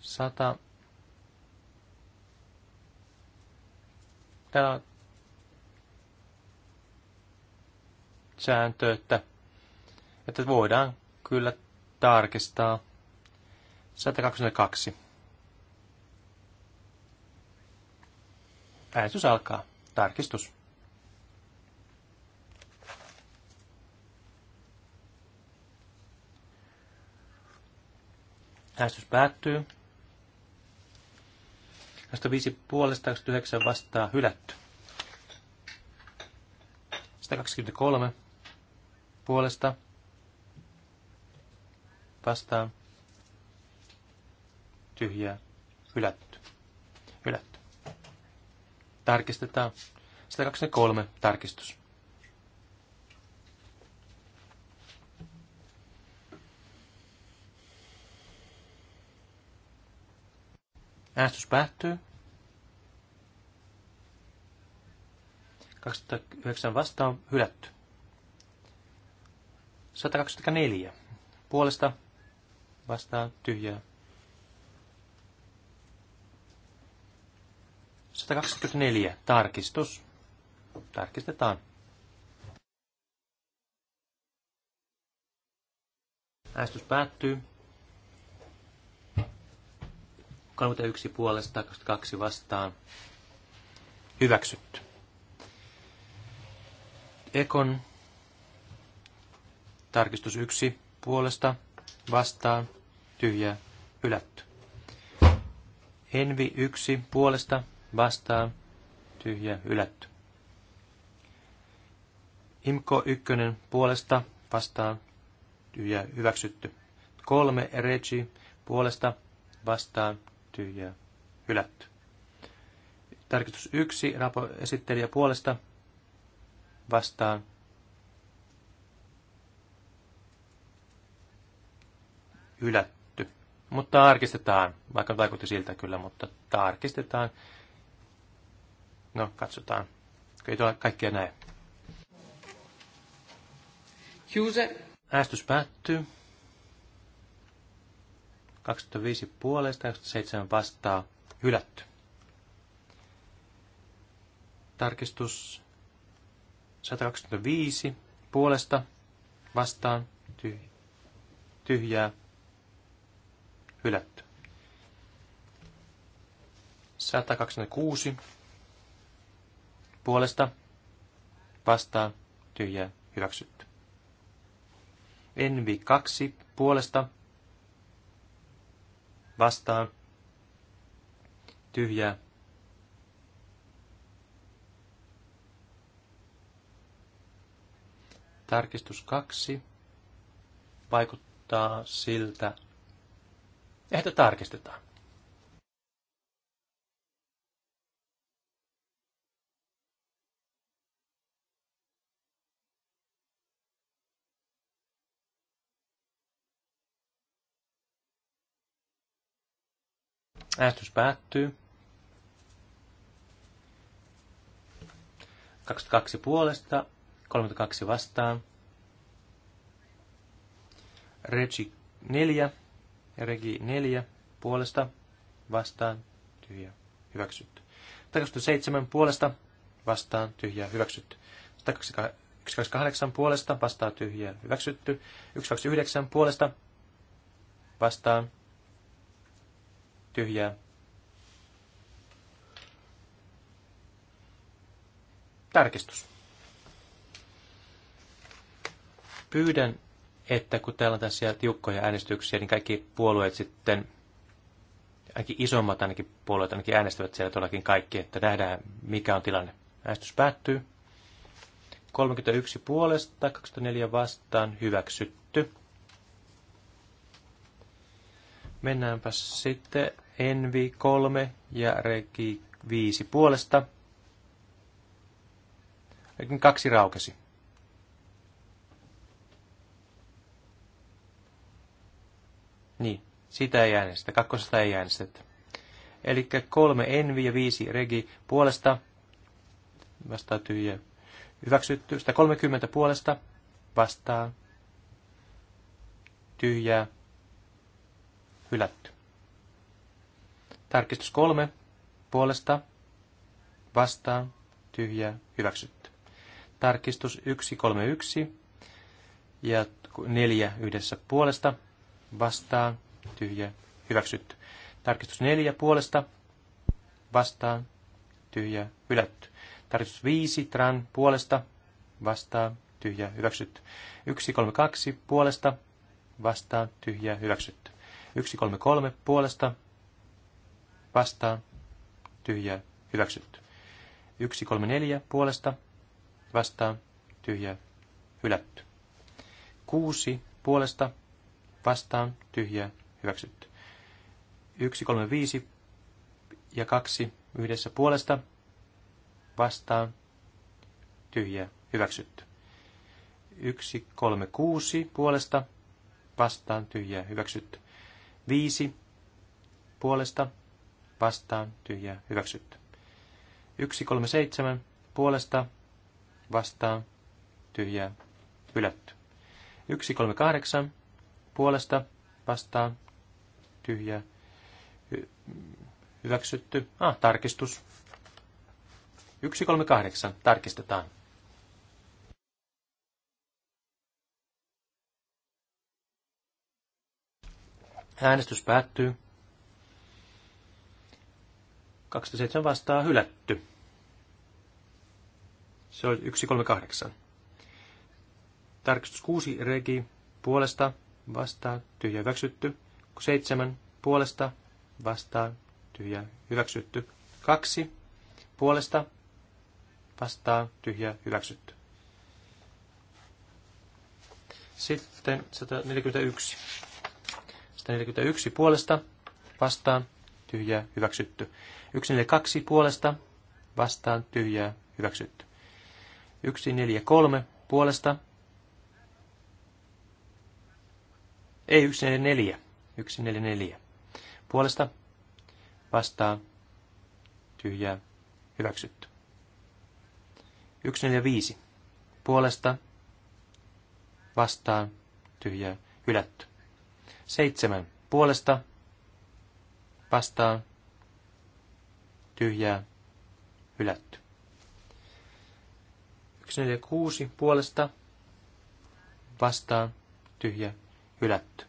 100. Täällä on sääntö, että, että voidaan kyllä tarkistaa 122. Äänestys alkaa. Tarkistus. Äänestys päättyy. viisi puolesta yhdeksän vastaa hylätty. 123 puolesta vastaan tyhjää hylätty. Hylätty. Tarkistetaan. 123 tarkistus. Äänestys päättyy. 209 vastaan hylätty. 124. Puolesta vastaan tyhjää. 124. Tarkistus. Tarkistetaan. Äänestys päättyy. 31 puolesta, 22 vastaan. Hyväksytty. Ekon tarkistus 1 puolesta, vastaan, Tyhjä hylätty. Envi 1 puolesta, vastaan, tyhjä, hylätty. Imko 1 puolesta, vastaan, tyhjä, hyväksytty. Kolme Regi puolesta, vastaan, tyhjää hylätty. Tarkistus yksi rapo esittelijä puolesta vastaan. Hylätty. Mutta tarkistetaan, vaikka vaikutti siltä kyllä, mutta tarkistetaan. No, katsotaan. Ei tuolla kaikkia näe. Juse. päättyy. 25 puolesta, 27 vastaa, hylätty. Tarkistus 125 puolesta vastaan tyhjää hylätty. 126 puolesta vastaan tyhjää hyväksytty. Envi 2 puolesta vastaan, tyhjää. Tarkistus kaksi vaikuttaa siltä, että tarkistetaan. Äänestys päättyy. 22 puolesta, 32 vastaan. Regi 4 ja Regi 4 puolesta vastaan tyhjä hyväksytty. 27 puolesta vastaan tyhjä hyväksytty. 128 puolesta vastaan tyhjä hyväksytty. 129 puolesta vastaan tyhjää. Tarkistus. Pyydän, että kun täällä on tässä tiukkoja äänestyksiä, niin kaikki puolueet sitten, ainakin isommat ainakin puolueet ainakin äänestävät siellä todellakin kaikki, että nähdään mikä on tilanne. Äänestys päättyy. 31 puolesta, 24 vastaan, hyväksytty. Mennäänpä sitten Envi 3 ja Reki 5 puolesta. Rekin kaksi raukesi. Niin, sitä ei äänestä, kakkosesta ei äänestetä. Eli kolme Envi ja viisi Regi puolesta, vastaa tyhjä, hyväksytty, 130 puolesta, vastaa tyhjää, hylätty. Tarkistus kolme, puolesta, vastaan, Tyhjä. hyväksytty. Tarkistus 131 ja neljä yhdessä puolesta, vastaan, tyhjä, hyväksytty. Tarkistus neljä puolesta, vastaan, tyhjä, hylätty. Tarkistus viisi tran puolesta, vastaan, tyhjä, hyväksytty. Yksi kolme kaksi puolesta, vastaan, tyhjä, hyväksytty. 133 puolesta vastaan tyhjää hyväksytty. 134 puolesta vastaan tyhjää hylätty. 6 puolesta vastaan tyhjää hyväksytty. 135 ja 2 yhdessä puolesta vastaan tyhjää hyväksytty. 136 puolesta vastaan tyhjää hyväksytty. Viisi puolesta vastaan tyhjää hyväksytty. seitsemän puolesta vastaan tyhjää hylätty. kahdeksan puolesta vastaan tyhjää hy- hyväksytty. Ah, tarkistus. 138 tarkistetaan. Äänestys päättyy. 27 vastaa hylätty. Se oli 138. Tarkistus 6 regi puolesta vastaa tyhjä hyväksytty. 7 puolesta vastaa tyhjä hyväksytty. 2 puolesta vastaa tyhjä hyväksytty. Sitten 141 141 puolesta vastaan tyhjää hyväksytty. 142 puolesta vastaan tyhjää hyväksytty. 143 puolesta. Ei 144. 144. Puolesta vastaan tyhjää hyväksytty. 145. Puolesta vastaan tyhjää hylätty. Seitsemän puolesta vastaan tyhjää hylätty. kuusi puolesta vastaan tyhjä hylätty.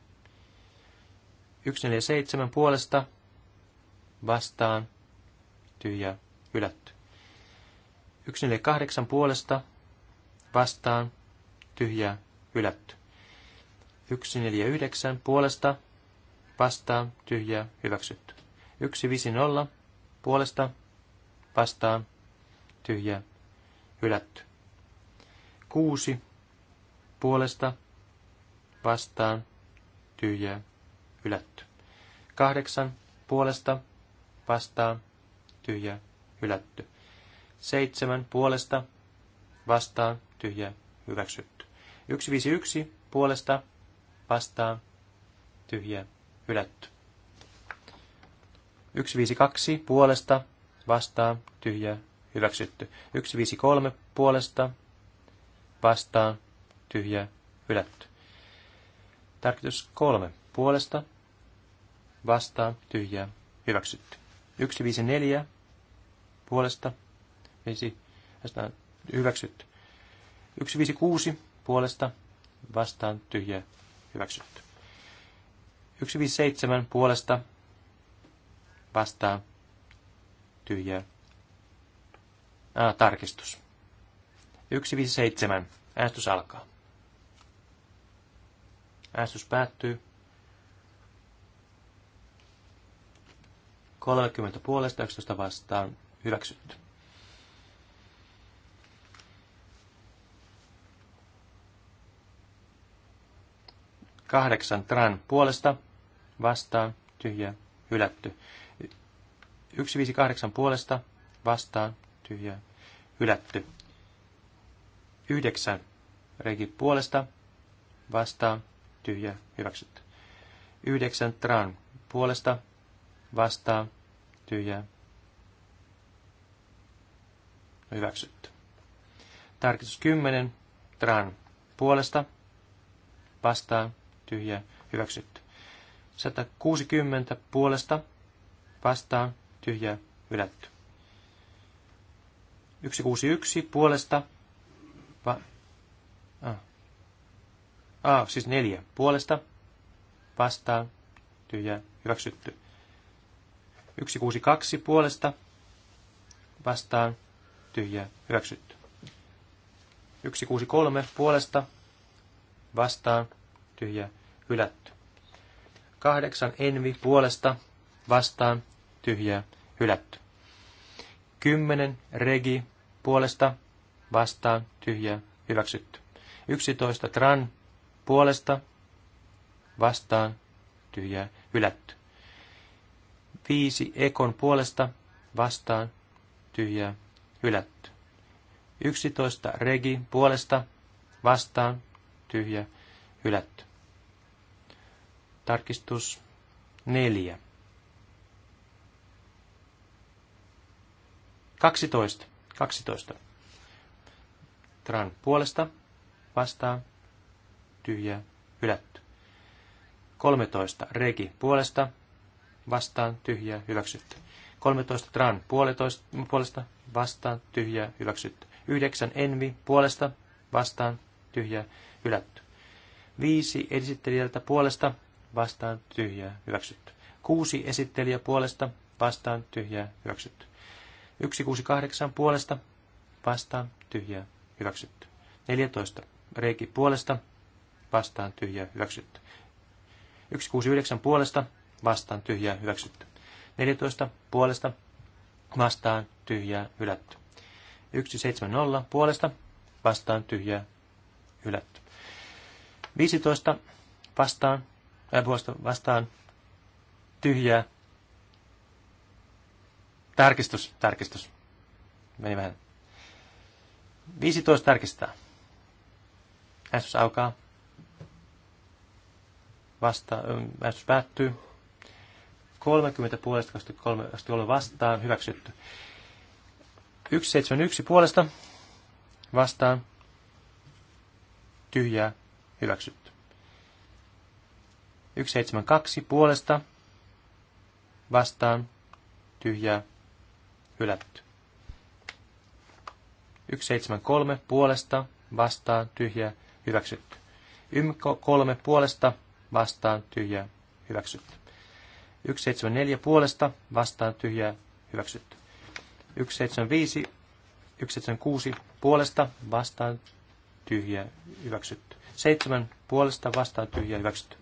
seitsemän puolesta vastaan tyhjä hylätty. kahdeksan puolesta vastaan tyhjä hylätty. 149 puolesta vastaan tyhjä, hyväksytty. 150 puolesta vastaan tyhjä, hylätty. 6 puolesta vastaan tyhjä, hylätty. 8 puolesta vastaan tyhjä, hylätty. 7 puolesta vastaan tyhjä, hyväksytty. 151 puolesta vastaan, tyhjä, hylätty. 152 puolesta, vastaan, tyhjä, hyväksytty. 153 puolesta, vastaan, tyhjä, hylätty. Tarkoitus 3 puolesta, vastaan, tyhjä, hyväksytty. 154 puolesta, viisi, vastaan, hyväksytty. 156 puolesta, vastaan, tyhjä, Hyväksytty. 157 puolesta vastaa tyhjää. ah, tarkistus. 157. Äänestys alkaa. Äänestys päättyy. 30 puolesta 11 vastaan hyväksytty. Kahdeksan tran puolesta vastaan tyhjä hylätty. 158 puolesta vastaan tyhjä hylätty. 9 regi puolesta vastaan tyhjä hyväksytty. 9 tran puolesta vastaan tyhjä hyväksytty. Tarkistus 10 tran puolesta vastaan tyhjä hyväksytty. 160 puolesta vastaan tyhjä, hylätty. 161 puolesta va- ah. Ah, siis neljä puolesta vastaan tyhjä hyväksytty. 162 puolesta vastaan tyhjä hyväksytty. 163 puolesta vastaan tyhjä, hylätty. Kahdeksan envi puolesta vastaan tyhjää hylätty. Kymmenen regi puolesta vastaan tyhjää hyväksytty. Yksitoista tran puolesta vastaan tyhjää hylätty. Viisi ekon puolesta vastaan tyhjää hylätty. Yksitoista regi puolesta vastaan tyhjä Hylätty. Tarkistus neljä. 12. 12. Tran puolesta, vastaa tyhjä, hylätty. 13. Regi puolesta, vastaan, tyhjä, hyväksytty. 13. Tran puolesta, vastaan, tyhjä, hyväksytty. 9. Envi puolesta, vastaan, tyhjä, hylätty. Viisi esittelijältä puolesta vastaan tyhjää hyväksytty. Kuusi esittelijä puolesta vastaan tyhjää hyväksytty. kahdeksan puolesta vastaan tyhjää hyväksytty. Neljätoista reiki puolesta vastaan tyhjää hyväksytty. yhdeksän puolesta vastaan tyhjää hyväksytty. Neljätoista puolesta vastaan tyhjää hylätty. nolla puolesta vastaan tyhjää hylätty. 15 vastaan, ää, puolesta vastaan, tyhjää. Tarkistus, tarkistus. Meni vähän. 15 tarkistaa. Äänestys alkaa. Vasta, äänestys päättyy. 30 puolesta 23, 23 vastaan, hyväksytty. 171 puolesta vastaan, tyhjää, Hyväksytty. 172 puolesta vastaan tyhjää hylätty. 173 puolesta vastaan tyhjää hyväksytty. Ymko 3 puolesta vastaan tyhjää hyväksytty. 174 puolesta vastaan tyhjää hyväksytty. 175 176 puolesta vastaan tyhjä hyväksytty. 7 puolesta vastaan tyhjä hyväksytty.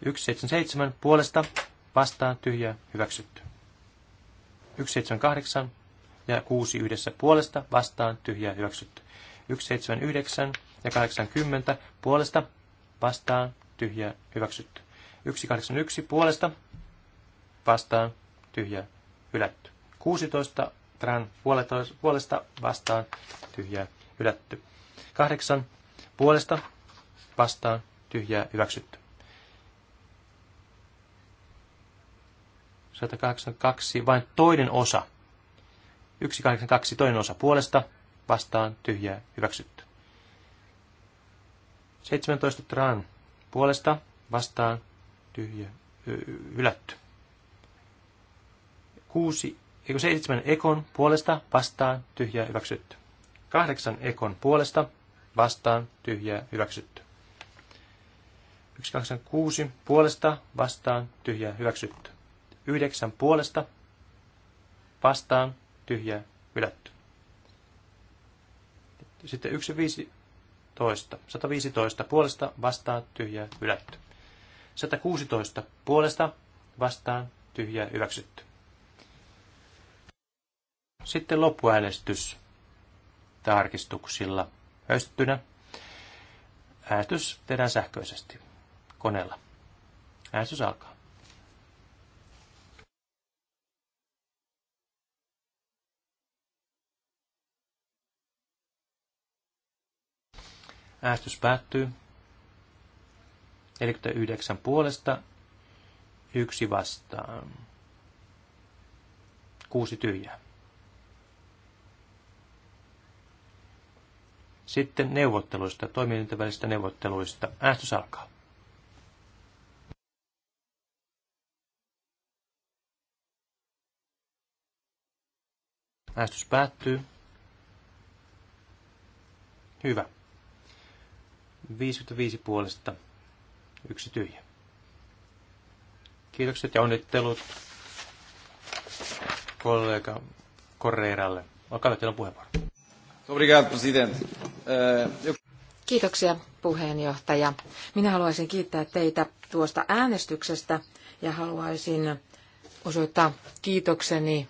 177 puolesta vastaan tyhjä hyväksytty. 178 ja 6 yhdessä puolesta vastaan tyhjä hyväksytty. 179 ja 80 puolesta vastaan tyhjä hyväksytty. 181 puolesta vastaan tyhjä hylätty. 16 tran puolesta vastaan tyhjä hylätty. Kahdeksan puolesta vastaan tyhjää hyväksytty. 182, vain toinen osa. 182, toinen osa puolesta, vastaan, tyhjää, hyväksytty. 17 tran puolesta, vastaan, tyhjä, hylätty. 6, eikö 7 ekon puolesta, vastaan, tyhjää, hyväksytty. Kahdeksan ekon puolesta vastaan tyhjää hyväksytty. 186 puolesta vastaan tyhjää hyväksytty. 9 puolesta vastaan tyhjää hylätty. Sitten 115, 115 puolesta vastaan tyhjää hylätty. 116 puolesta vastaan tyhjää hyväksytty. Sitten loppuäänestys tarkistuksilla höstettynä. Äänestys tehdään sähköisesti koneella. Äänestys alkaa. Äänestys päättyy. 49 puolesta, yksi vastaan. Kuusi tyhjää. Sitten neuvotteluista, toimijoiden välistä neuvotteluista. Äänestys alkaa. Äänestys päättyy. Hyvä. 55 puolesta. Yksi tyhjä. Kiitokset ja onnittelut kollega Correiralle. Olkaa hyvä, teillä on puheenvuoro. Eh, Kiitoksia puheenjohtaja. Minä haluaisin kiittää teitä tuosta äänestyksestä ja haluaisin osoittaa kiitokseni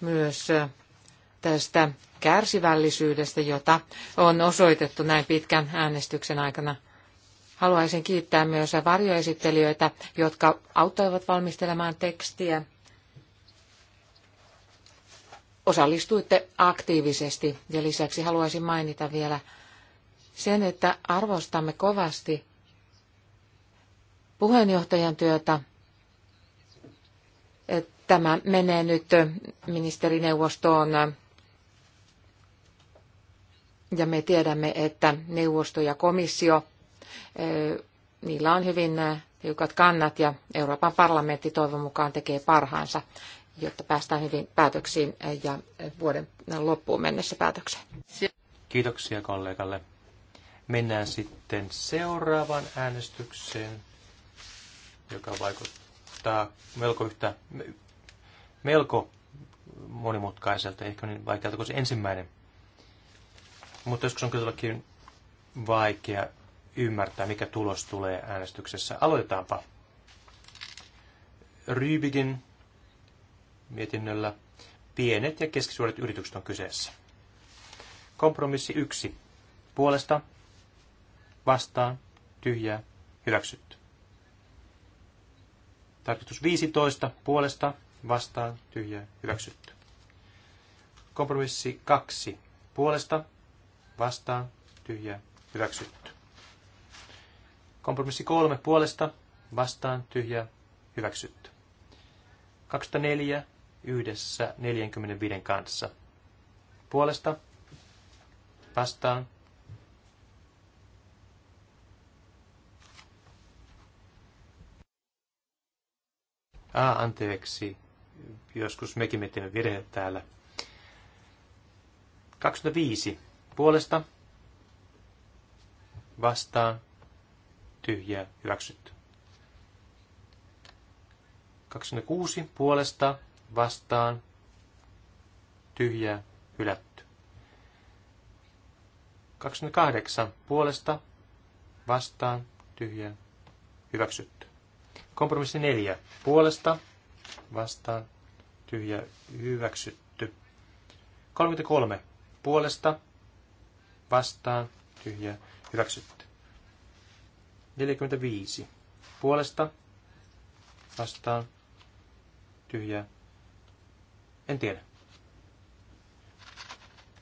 myös eh, tästä kärsivällisyydestä, jota on osoitettu näin pitkän äänestyksen aikana. Haluaisin kiittää myös varjoesittelijöitä, jotka auttoivat valmistelemaan tekstiä osallistuitte aktiivisesti. Ja lisäksi haluaisin mainita vielä sen, että arvostamme kovasti puheenjohtajan työtä. Tämä menee nyt ministerineuvostoon ja me tiedämme, että neuvosto ja komissio, e, niillä on hyvin e, tiukat kannat ja Euroopan parlamentti toivon mukaan tekee parhaansa jotta päästään hyvin päätöksiin ja vuoden loppuun mennessä päätökseen. Kiitoksia kollegalle. Mennään sitten seuraavaan äänestykseen, joka vaikuttaa melko, yhtä, melko monimutkaiselta, ehkä niin vaikealta kuin se ensimmäinen. Mutta joskus on kyllä vaikea ymmärtää, mikä tulos tulee äänestyksessä. Aloitetaanpa. Rybigin mietinnöllä pienet ja keskisuuret yritykset on kyseessä. Kompromissi 1. Puolesta, vastaan, tyhjää, hyväksytty. Tarkoitus 15. Puolesta, vastaan, tyhjää, hyväksytty. Kompromissi 2. Puolesta, vastaan, tyhjää, hyväksytty. Kompromissi 3. Puolesta, vastaan, tyhjää, hyväksytty. 24 yhdessä 45 kanssa. Puolesta vastaan A, ah, anteeksi, joskus mekin me teemme virheet täällä. 25. Puolesta vastaan Tyhjä. hyväksytty. 26. Puolesta vastaan, tyhjä hylätty. 28 puolesta, vastaan, tyhjä hyväksytty. Kompromissi 4 puolesta, vastaan, tyhjä hyväksytty. 33 puolesta, vastaan, tyhjä hyväksytty. 45 puolesta, vastaan, tyhjä en tiedä.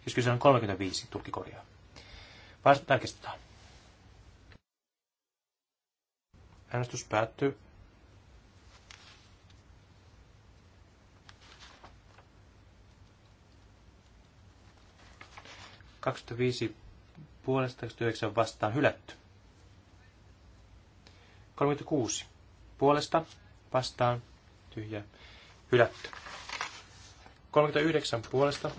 Siis kyse on 35, Turkki korjaa. Vasta tarkistetaan. Äänestys päättyy. puolesta 29 vastaan hylätty. 36 puolesta vastaan tyhjä hylätty. 39 puolesta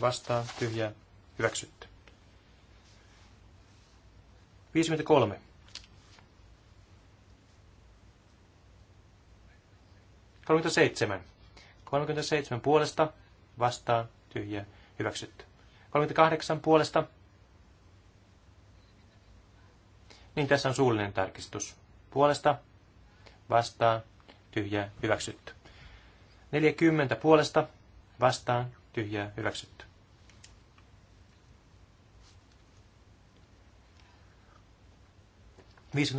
vastaan tyhjää hyväksytty. 53. Kolmekymmentäseitsemän. seitsemän puolesta vastaan tyhjä hyväksytty. 38 puolesta. Niin tässä on suullinen tarkistus. Puolesta vastaan tyhjä hyväksytty. 40 puolesta vastaan, tyhjää, hyväksytty.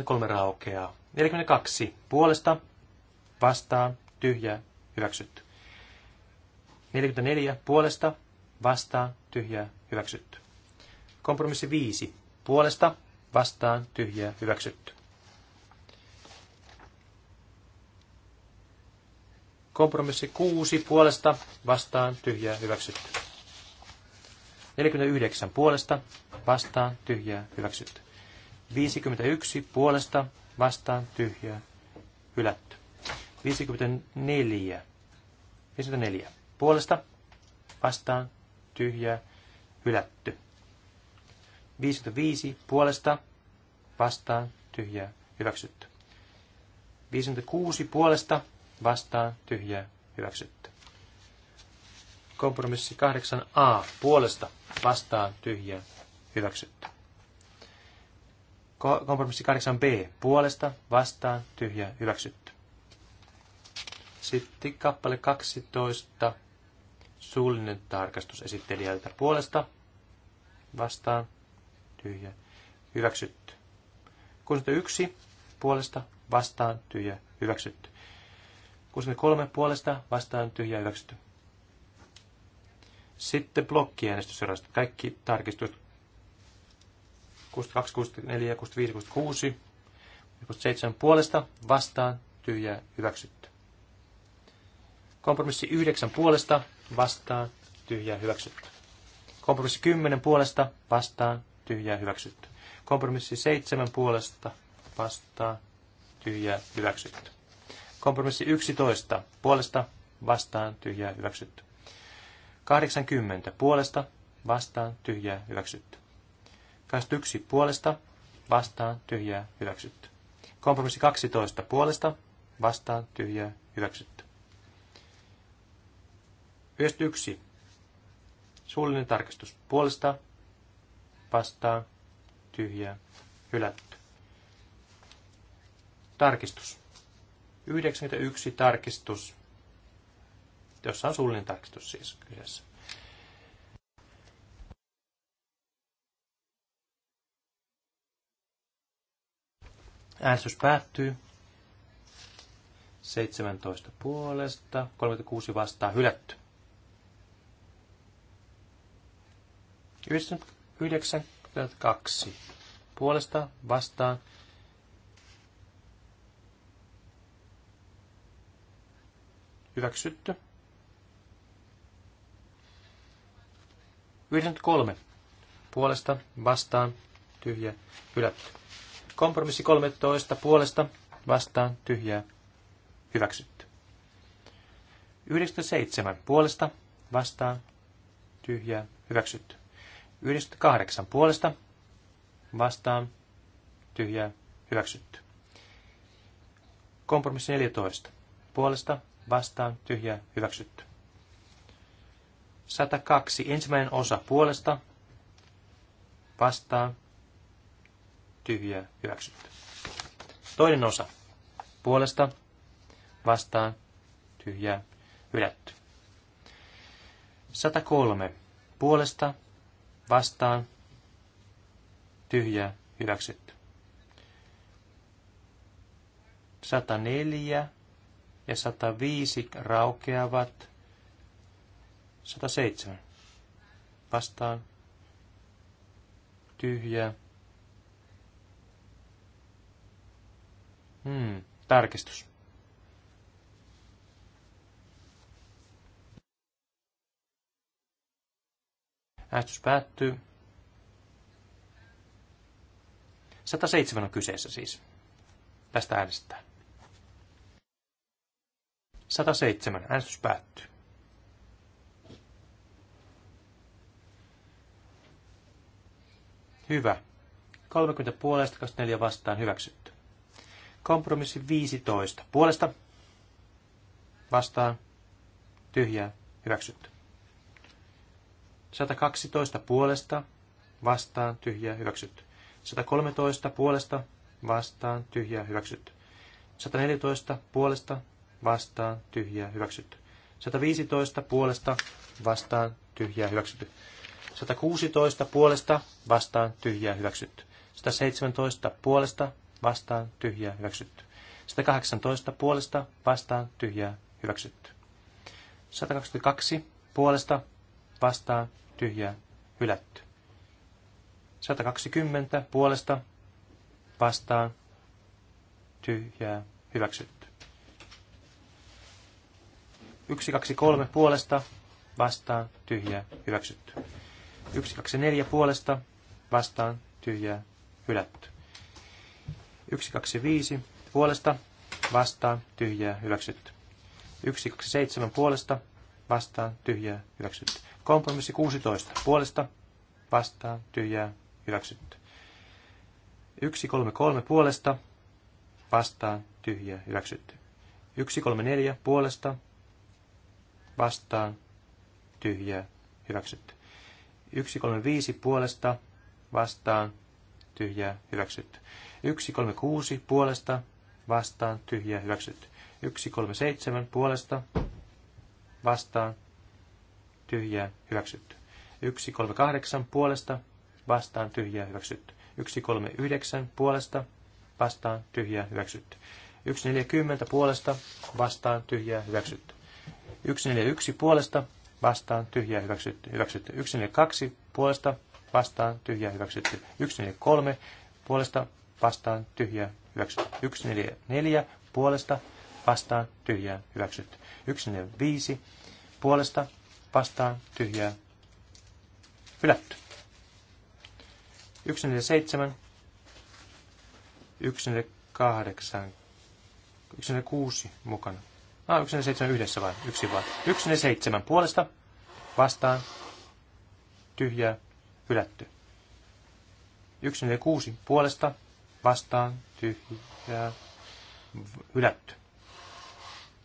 kolme raukeaa. 42 puolesta, vastaan, tyhjää, hyväksytty. 44 puolesta, vastaan, tyhjää, hyväksytty. Kompromissi 5 puolesta, vastaan, tyhjää, hyväksytty. Kompromissi 6 puolesta vastaan tyhjää hyväksytty. 49 puolesta vastaan tyhjää hyväksytty. 51 puolesta vastaan tyhjää hylätty. 54. 54 puolesta vastaan tyhjää hylätty. 55 puolesta vastaan tyhjää hyväksytty. 56 puolesta vastaan tyhjää hyväksytty. Kompromissi 8a puolesta vastaan tyhjää hyväksytty. Kompromissi 8b puolesta vastaan tyhjää hyväksytty. Sitten kappale 12 suullinen tarkastus esittelijältä puolesta vastaan tyhjä hyväksytty. Kun yksi puolesta vastaan tyhjä hyväksytty. 63 puolesta vastaan tyhjä hyväksytty. Sitten blokkiäänestys Kaikki tarkistukset 62, 64, 65, 66, 67 puolesta vastaan tyhjä hyväksytty. Kompromissi 9 puolesta vastaan tyhjä hyväksytty. Kompromissi 10 puolesta vastaan tyhjä hyväksytty. Kompromissi 7 puolesta vastaan tyhjä hyväksytty. Kompromissi 11. Puolesta vastaan tyhjää hyväksytty. 80. Puolesta vastaan tyhjää hyväksytty. 21. Puolesta vastaan tyhjää hyväksytty. Kompromissi 12. Puolesta vastaan tyhjää hyväksytty. 91. Suullinen tarkistus puolesta vastaan tyhjää hylätty. Tarkistus. 91 tarkistus, jossa on suullinen tarkistus siis kyseessä. Äänestys päättyy. 17 puolesta, 36 vastaa hylätty. 92 puolesta vastaan Hyväksytty. 93. Puolesta, vastaan, tyhjä, hylätty. Kompromissi 13. Puolesta, vastaan, tyhjää, hyväksytty. 97. Puolesta, vastaan, tyhjää, hyväksytty. 98. Puolesta, vastaan, tyhjää, hyväksytty. Kompromissi 14. Puolesta, vastaan tyhjä hyväksytty. 102. Ensimmäinen osa puolesta vastaan tyhjä hyväksytty. Toinen osa puolesta vastaan tyhjä hylätty. 103. Puolesta vastaan tyhjä hyväksytty. 104 ja 105 raukeavat 107 vastaan tyhjä. Hmm, tarkistus. Äänestys päättyy. 107 on kyseessä siis. Tästä äänestetään. 107. Äänestys päättyy. Hyvä. 30 puolesta, 24 vastaan hyväksytty. Kompromissi 15. Puolesta vastaan tyhjää hyväksytty. 112 puolesta vastaan tyhjää hyväksytty. 113 puolesta vastaan tyhjää hyväksytty. 114 puolesta vastaan, tyhjää, hyväksytty. 115 puolesta, vastaan, tyhjää, hyväksytty. 116 puolesta, vastaan, tyhjää, hyväksytty. 117 puolesta, vastaan, tyhjää, hyväksytty. 118 puolesta, vastaan, tyhjää, hyväksytty. 122 puolesta, vastaan, tyhjää, hylätty. 120 puolesta, vastaan, tyhjää, hyväksytty. 1, 2, 3 puolesta vastaan tyhjää hyväksytty. 1, 2, 4 puolesta vastaan tyhjää hylätty. 1, 2, 5 puolesta vastaan tyhjää hyväksytty. 1, 2, 7 puolesta vastaan tyhjää hyväksytty. Kompromissi 16 puolesta vastaan tyhjää hyväksytty. 1, 3, 3 puolesta vastaan tyhjää hyväksytty. 134 puolesta vastaan, tyhjä hyväksytty. 135 puolesta, vastaan, tyhjä hyväksytty. 136 puolesta, vastaan, tyhjä hyväksytty. 137 puolesta, vastaan, tyhjä hyväksytty. 138 puolesta, vastaan, tyhjä hyväksytty. 139 puolesta, vastaan, tyhjä hyväksytty. 140 puolesta, vastaan, tyhjä hyväksytty. 141 puolesta vastaan tyhjä hyväksytty. Hyväksytty 142 puolesta vastaan tyhjä hyväksytty. 143 puolesta vastaan tyhjä hyväksytty. 144 puolesta vastaan tyhjä hyväksytty. 145 puolesta vastaan tyhjä hylätty. 147 148 146 mukana Ah, yksi ne seitsemän yhdessä vain. Yksi vaan. Yksi ne seitsemän puolesta. Vastaan. Tyhjää. Hylätty. Yksi ne kuusi puolesta. Vastaan. Tyhjää. Hylätty.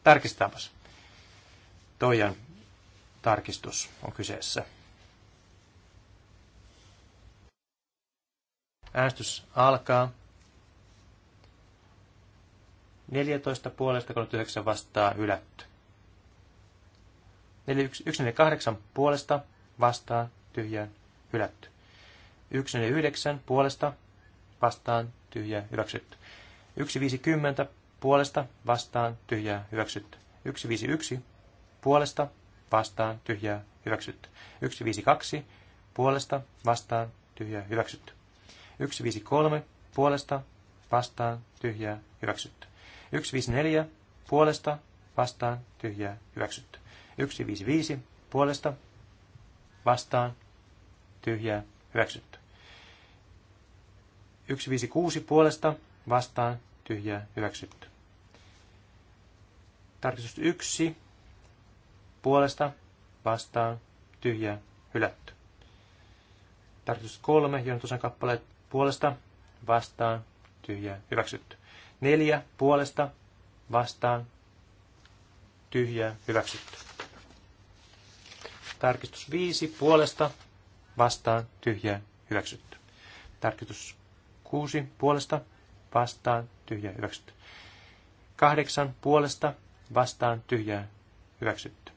Tarkistetaanpas. Toijan tarkistus on kyseessä. Äänestys alkaa. 14 puolesta 39 vastaa hylätty. 148 puolesta vastaan tyhjään hylätty. 149 puolesta vastaan tyhjään hyväksytty. 150 puolesta vastaan tyhjää hyväksytty. 151 puolesta vastaan tyhjää hyväksytty. 152 puolesta vastaan tyhjää hyväksytty. 153 puolesta vastaan tyhjää hyväksytty. 154 puolesta vastaan tyhjää hyväksytty. 155 puolesta vastaan tyhjää hyväksytty. 156 puolesta vastaan tyhjää hyväksytty. Tarkistus 1 puolesta vastaan tyhjää hylätty. Tarkistus 3 jonotusan kappaleet puolesta vastaan tyhjää hyväksytty. Neljä puolesta vastaan tyhjää hyväksytty. Tarkistus viisi puolesta vastaan tyhjää hyväksytty. Tarkistus kuusi puolesta vastaan tyhjää hyväksytty. Kahdeksan puolesta vastaan tyhjää hyväksytty.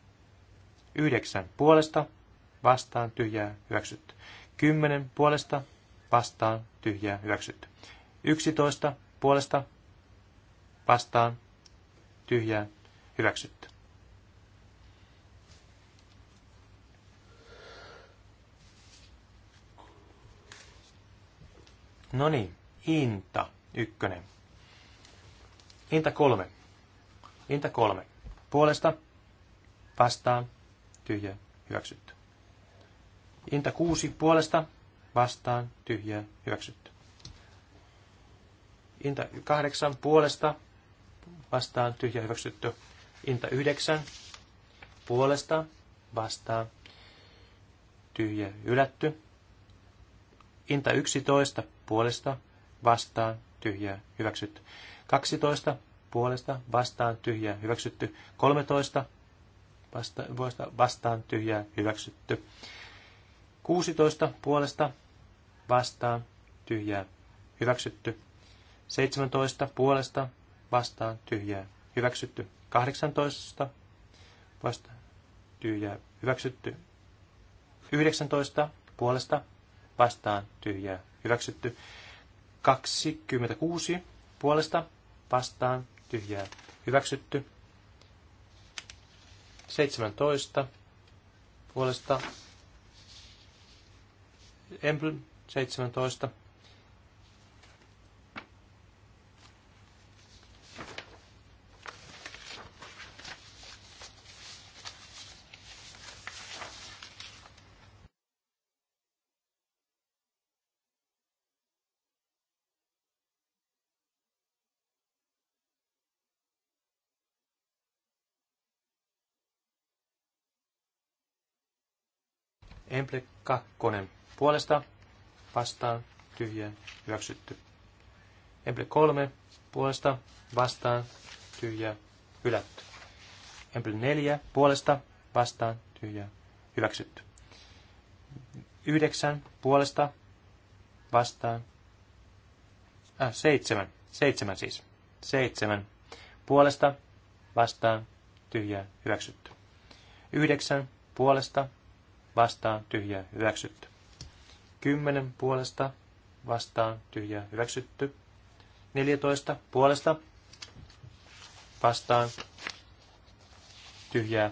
Yhdeksän puolesta vastaan tyhjää hyväksytty. Kymmenen puolesta vastaan tyhjää hyväksytty. Yksitoista puolesta vastaan, tyhjää, hyväksytty. No niin, Inta ykkönen. Inta kolme. Inta kolme. Puolesta, vastaan, tyhjä, hyväksytty. Inta kuusi. Puolesta, vastaan, tyhjä, hyväksytty. Inta kahdeksan. Puolesta, vastaan tyhjä hyväksytty. Inta 9 puolesta vastaan tyhjä hylätty. Inta 11 puolesta vastaan tyhjä hyväksytty. 12 puolesta vastaan tyhjä hyväksytty. 13 vasta, vastaan tyhjä hyväksytty. 16 puolesta vastaan tyhjä hyväksytty. 17 puolesta vastaan tyhjää hyväksytty. 18 vastaan tyhjää hyväksytty. 19 puolesta vastaan tyhjää hyväksytty. 26 puolesta vastaan tyhjää hyväksytty. 17 puolesta Emblem 17 Emple 2 puolesta vastaan tyhjä hyväksytty. Emple 3 puolesta vastaan tyhjä hylätty. Emple 4 puolesta vastaan tyhjä hyväksytty. 9 puolesta vastaan. Äh, 7. 7 siis. 7 puolesta vastaan tyhjä hyväksytty. 9 puolesta vastaan tyhjä hyväksytty. 10 puolesta vastaan tyhjä hyväksytty. 14 puolesta vastaan tyhjää.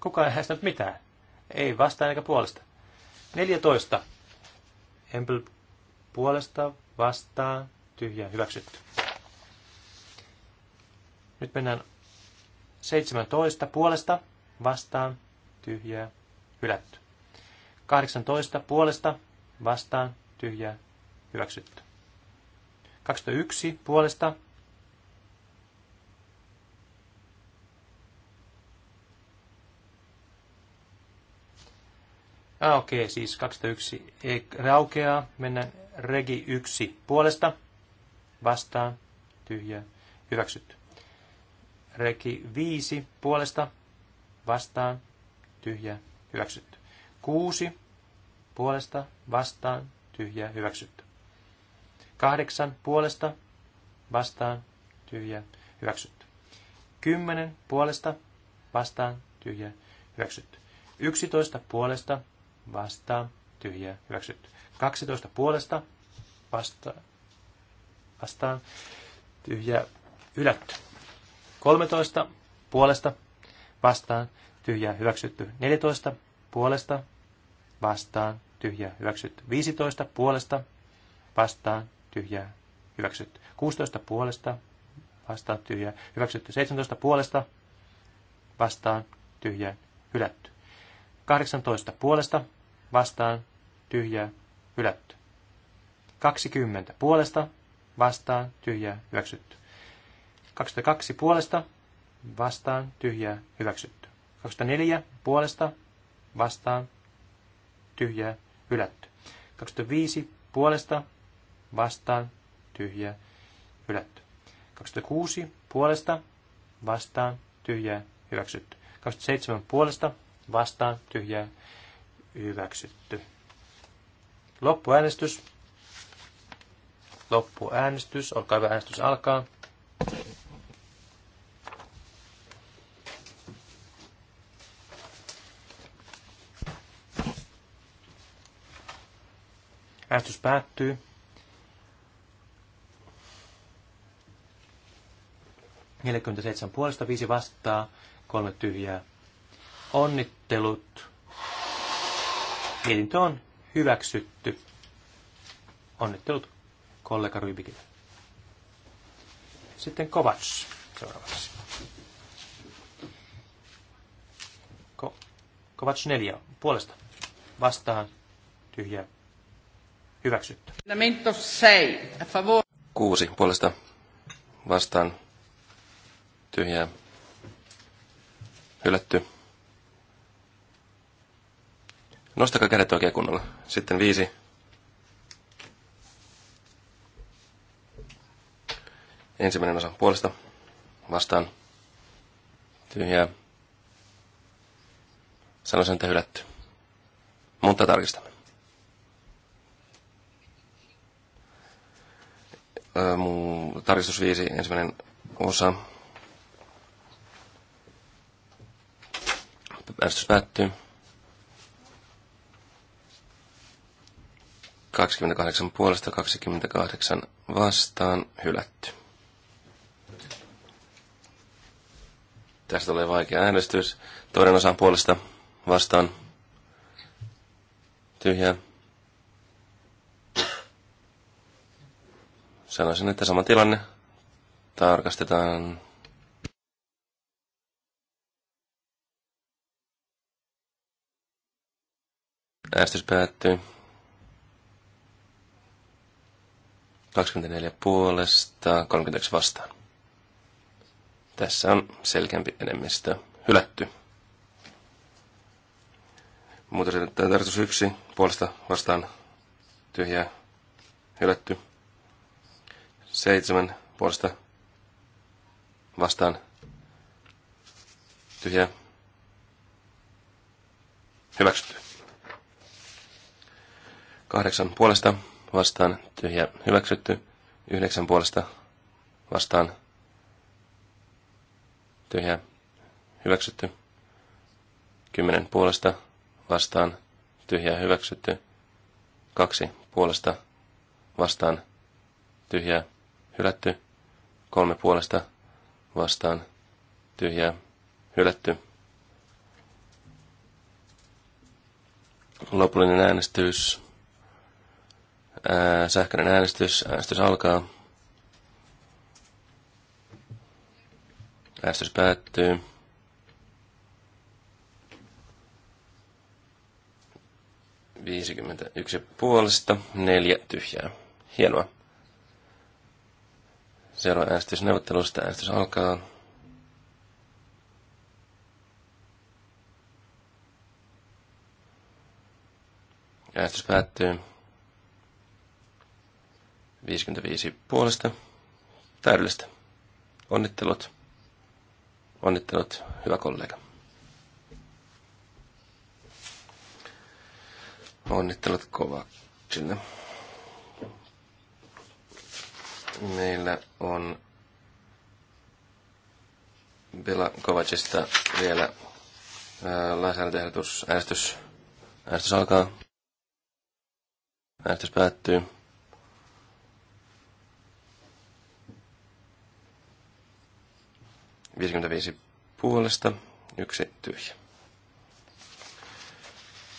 Kukaan ei äästänyt mitään. Ei vastaan eikä puolesta. 14. Empel puolesta vastaan tyhjä hyväksytty. Nyt mennään 17 puolesta vastaan tyhjää, hylätty. 18 puolesta vastaan tyhjää, hyväksytty. 21 puolesta Ah, okei, okay, siis 201 ei raukeaa. Mennään regi 1 puolesta. Vastaan. Tyhjää. Hyväksytty. Regi 5 puolesta. Vastaan tyhjä, hyväksytty. Kuusi puolesta, vastaan, tyhjä, hyväksytty. Kahdeksan puolesta, vastaan, tyhjä, hyväksytty. Kymmenen puolesta, vastaan, tyhjä, hyväksytty. Yksitoista puolesta, vastaan, tyhjä, hyväksytty. Kaksitoista puolesta, vasta vastaan, tyhjä, hylätty. Kolmetoista puolesta, vastaan, tyhjä hyväksytty 14 puolesta, vastaan tyhjä hyväksytty 15 puolesta, vastaan tyhjä hyväksytty 16 puolesta, vastaan tyhjä hyväksytty 17 puolesta, vastaan tyhjä hylätty 18 puolesta, vastaan tyhjä hylätty 20 puolesta, vastaan tyhjä hyväksytty 22 puolesta, vastaan tyhjä hyväksytty. 24 puolesta vastaan tyhjää hylätty. 25 puolesta vastaan tyhjää hylätty. 26 puolesta vastaan tyhjää hyväksytty. 27 puolesta vastaan tyhjää hyväksytty. Loppuäänestys. Loppuäänestys. Olkaa hyvä, äänestys alkaa. Äänestys päättyy. puolesta, viisi vastaa, kolme tyhjää. Onnittelut. Mietintö on hyväksytty. Onnittelut kollega Rybikille. Sitten Kovacs seuraavaksi. Ko- Kovacs neljä puolesta. Vastaan tyhjää. Hyväksytty. Kuusi puolesta vastaan tyhjää hylätty. Nostakaa kädet oikein kunnolla. Sitten viisi. Ensimmäinen osa puolesta vastaan tyhjää. Sanoisin, että hylätty. Mutta tarkistamme. tarkistus 5, ensimmäinen osa. Päästys päättyy. 28 puolesta 28 vastaan hylätty. Tästä tulee vaikea äänestys. Toinen osan puolesta vastaan tyhjää Sanoisin, että sama tilanne tarkastetaan Äänestys päättyy. 24 puolesta, 31 vastaan. Tässä on selkeämpi enemmistö hylätty. Muutos tarkoitus 1 puolesta vastaan tyhjää hylätty. Seitsemän puolesta vastaan tyhjää. Hyväksytty. Kahdeksan puolesta vastaan tyhjä hyväksytty. Yhdeksän puolesta vastaan tyhjä hyväksytty. Kymmenen puolesta vastaan tyhjä hyväksytty. Kaksi puolesta vastaan tyhjä hylätty. Kolme puolesta vastaan tyhjää hylätty. Lopullinen äänestys. Ää, sähköinen äänestys. Äänestys alkaa. Äänestys päättyy. Viisikymmentä yksi puolesta, neljä tyhjää. Hienoa. Seuraava äänestys neuvottelusta. Äänestys alkaa. Äänestys päättyy. 55 puolesta. Täydellistä. Onnittelut. Onnittelut, hyvä kollega. Onnittelut kova sinne. Meillä on Bela Kovacista vielä äh, lainsäädäntöehdotus. Äänestys, äänestys alkaa. Äänestys päättyy. Viisikymmentäviisi puolesta, yksi tyhjä.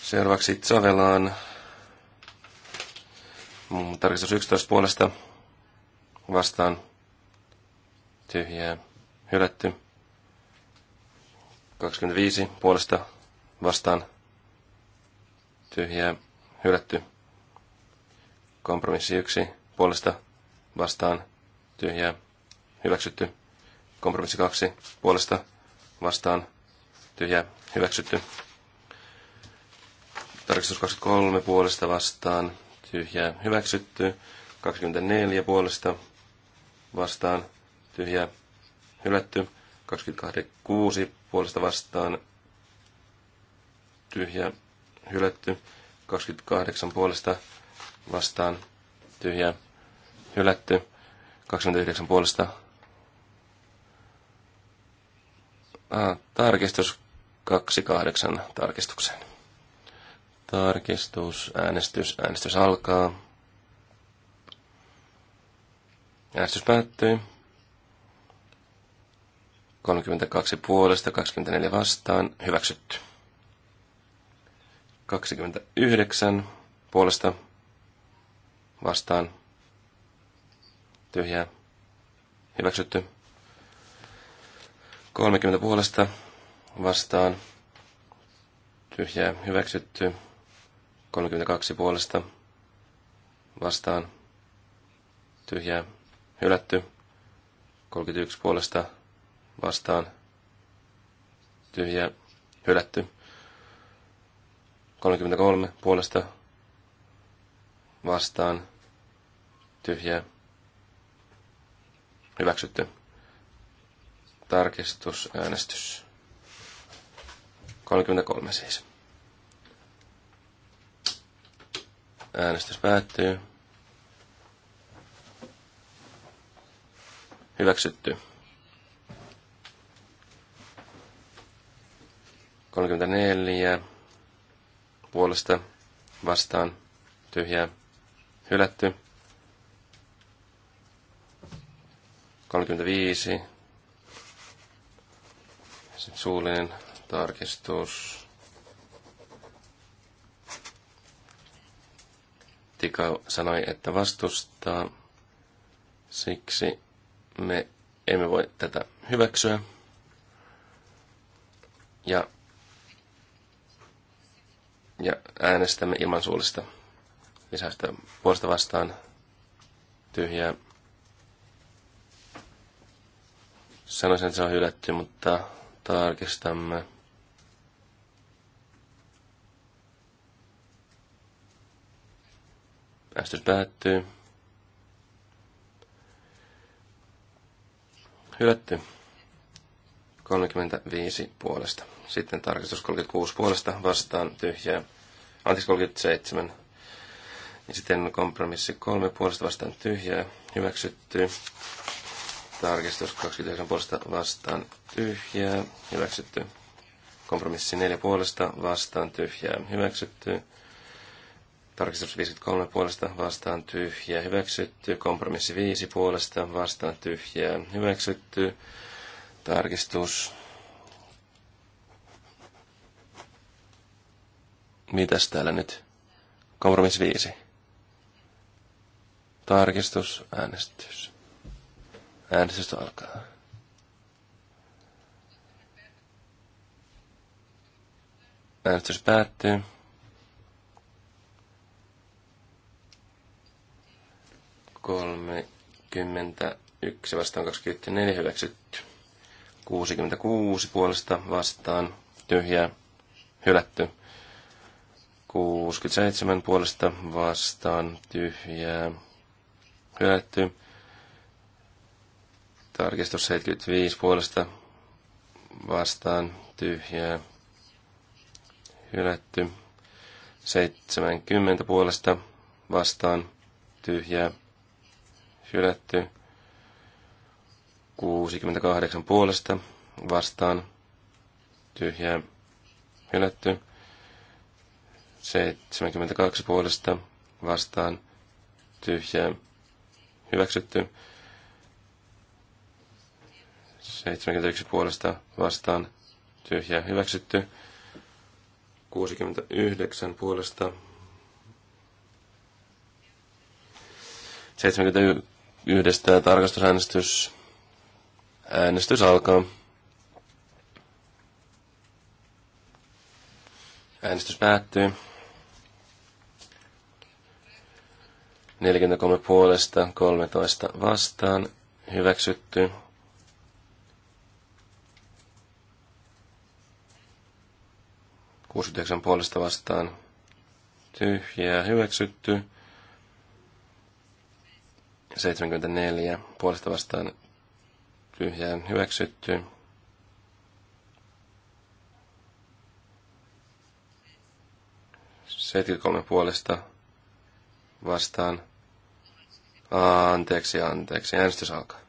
Seuraavaksi Savelaan. Tarkistus 11 puolesta vastaan tyhjää hylätty. 25 puolesta vastaan tyhjää hylätty. Kompromissi 1 puolesta vastaan tyhjää hyväksytty. Kompromissi 2 puolesta vastaan tyhjää hyväksytty. Tarkistus 23 puolesta vastaan tyhjää hyväksytty. 24 puolesta vastaan tyhjä hylätty. 26 puolesta vastaan tyhjä hylätty. 28 puolesta vastaan tyhjä hylätty. 29 puolesta ah, tarkistus 28 tarkistukseen. Tarkistus, äänestys, äänestys alkaa. Äänestys päättyi. 32 puolesta, 24 vastaan, hyväksytty. 29 puolesta vastaan, tyhjää, hyväksytty. 30 puolesta vastaan, tyhjää, hyväksytty. 32 puolesta vastaan, tyhjää, hylätty. 31 puolesta vastaan tyhjä hylätty. 33 puolesta vastaan tyhjä hyväksytty. Tarkistusäänestys. 33 siis. Äänestys päättyy. Hyväksytty. 34 puolesta vastaan tyhjää hylätty. 35 sitten suullinen tarkistus. Tika sanoi, että vastustaa. Siksi me emme voi tätä hyväksyä. Ja, ja äänestämme ilman suullista lisäystä puolesta vastaan tyhjää. Sanoisin, että se on hylätty, mutta tarkistamme. Äänestys päättyy. hylätty. 35 puolesta. Sitten tarkistus 36 puolesta vastaan tyhjää. Anteeksi 37. Ja sitten kompromissi 3 puolesta vastaan tyhjää. Hyväksytty. Tarkistus 29 puolesta vastaan tyhjää. Hyväksytty. Kompromissi 4 puolesta vastaan tyhjää. Hyväksytty. Tarkistus 53 puolesta vastaan tyhjä hyväksytty. Kompromissi 5 puolesta vastaan tyhjä hyväksytty. Tarkistus. Mitäs täällä nyt? Kompromissi 5. Tarkistus, äänestys. Äänestys alkaa. Äänestys päättyy. 31 vastaan 24 hyväksytty. 66 puolesta vastaan tyhjä hylätty. 67 puolesta vastaan tyhjää hylätty. Tarkistus 75 puolesta vastaan tyhjää hylätty. 70 puolesta vastaan tyhjää hylätty. 68 puolesta vastaan tyhjää hylätty. 72 puolesta vastaan tyhjää hyväksytty. 71 puolesta vastaan tyhjää hyväksytty. 69 puolesta 70 yhdestä tarkastusäänestys. Äänestys alkaa. Äänestys päättyy. 43 puolesta, 13 vastaan. Hyväksytty. Kuusi puolesta vastaan. Tyhjää hyväksytty. 74 puolesta vastaan tyhjään hyväksytty. kolme puolesta vastaan. Aa, anteeksi, anteeksi. Äänestys alkaa.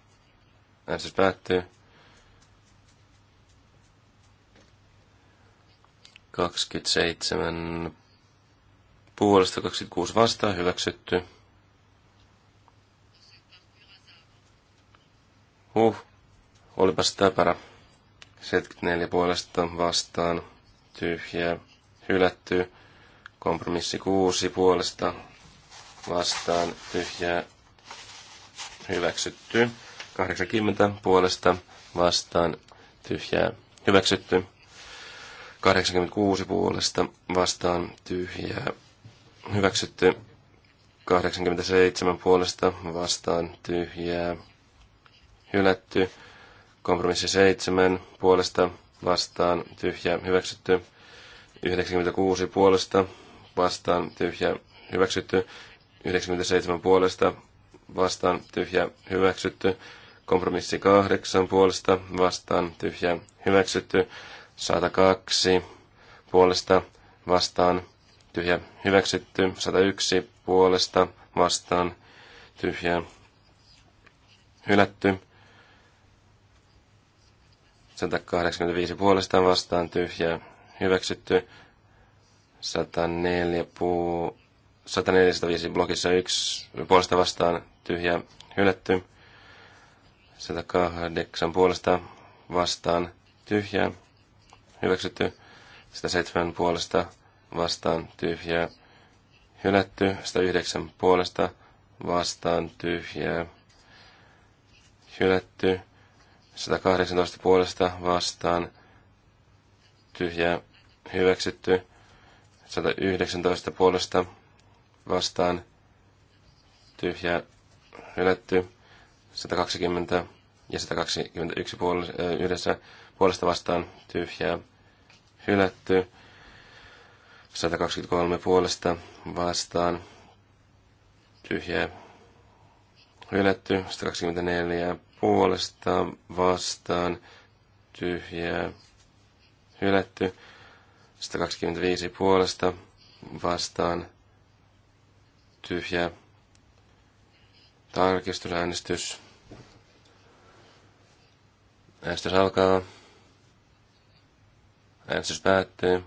Äänestys päättyy. 27 puolesta 26 vastaan hyväksytty. Huh, olipas täpärä. 74 puolesta vastaan, tyhjää, hylätty. Kompromissi 6 puolesta vastaan, tyhjää, hyväksytty. 80 puolesta vastaan, tyhjää, hyväksytty. 86 puolesta vastaan, tyhjää, hyväksytty. 87 puolesta vastaan, tyhjää, hylätty. Kompromissi 7 puolesta vastaan tyhjä hyväksytty. 96 puolesta vastaan tyhjä hyväksytty. 97 puolesta vastaan tyhjä hyväksytty. Kompromissi 8 puolesta vastaan tyhjä hyväksytty. 102 puolesta vastaan tyhjä hyväksytty. 101 puolesta vastaan tyhjä hylätty. 185 puolestaan vastaan tyhjää hyväksytty. 104 pu... 145 blokissa 1 puolesta vastaan tyhjä hylätty. 108 puolesta vastaan tyhjä hyväksytty. 107 puolesta vastaan tyhjä hylätty. 109 puolesta vastaan tyhjä hylätty. 118 puolesta vastaan tyhjä hyväksytty. 119 puolesta vastaan tyhjä hylätty. 120 ja 121 puol- yhdessä puolesta vastaan tyhjä hylätty. 123 puolesta vastaan tyhjä hylätty. 124 puolesta vastaan tyhjää hylätty. 125 puolesta vastaan tyhjää tarkistusäänestys. Äänestys alkaa. Äänestys päättyy.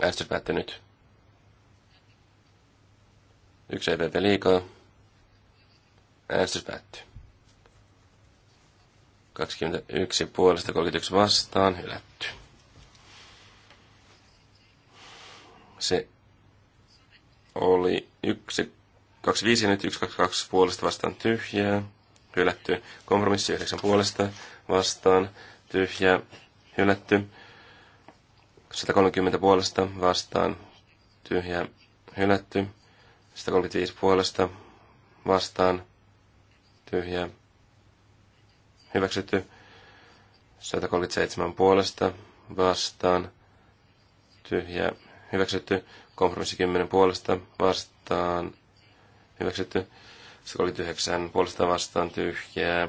Äänestys päättyy nyt. Yksi ei liikaa. Äänestys päättyy. 21 puolesta 31 vastaan hylätty. Se oli 1, 25 ja nyt 1, 2, 2 puolesta vastaan tyhjää, hylätty. Kompromissi 9 puolesta vastaan tyhjää, hylätty. 130 puolesta vastaan tyhjää, hylätty. 135 puolesta vastaan tyhjää pyhiä. hyväksytty. 137 puolesta vastaan tyhjä hyväksytty. Kompromissi 10 puolesta vastaan hyväksytty. 139 puolesta vastaan tyhjää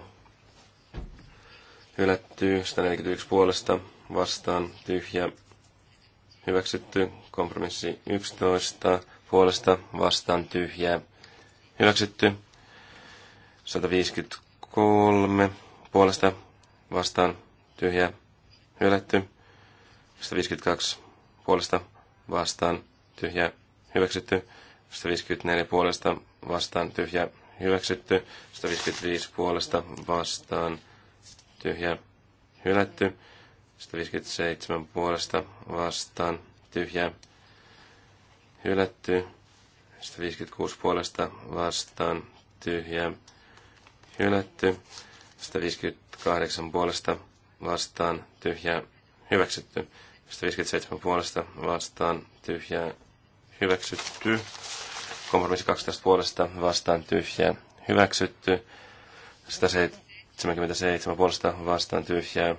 hylätty. 141 puolesta vastaan tyhjä hyväksytty. Kompromissi 11 puolesta vastaan tyhjää hyväksytty. 153 puolesta vastaan tyhjä hylätty. 152 puolesta vastaan tyhjä hyväksytty. 154 puolesta vastaan tyhjä hyväksytty. 155 puolesta vastaan tyhjä hylätty. 157 puolesta vastaan tyhjä hylätty. 156 puolesta vastaan tyhjä hylätty. 158 puolesta vastaan tyhjää hyväksytty. 157 puolesta vastaan tyhjää hyväksytty. Kompromissi 12 puolesta vastaan tyhjää hyväksytty. 177 puolesta vastaan tyhjää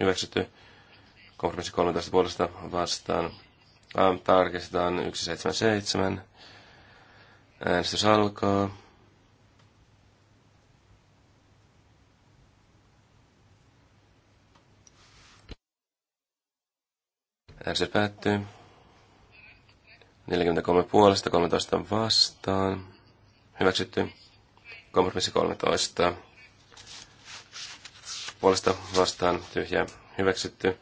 hyväksytty. Kompromissi 13 puolesta vastaan. Tarkistetaan 177. Äänestys alkaa. se päättyy. 43 puolesta, 13 vastaan. Hyväksytty. Kompromissi 13. Puolesta vastaan tyhjä. Hyväksytty.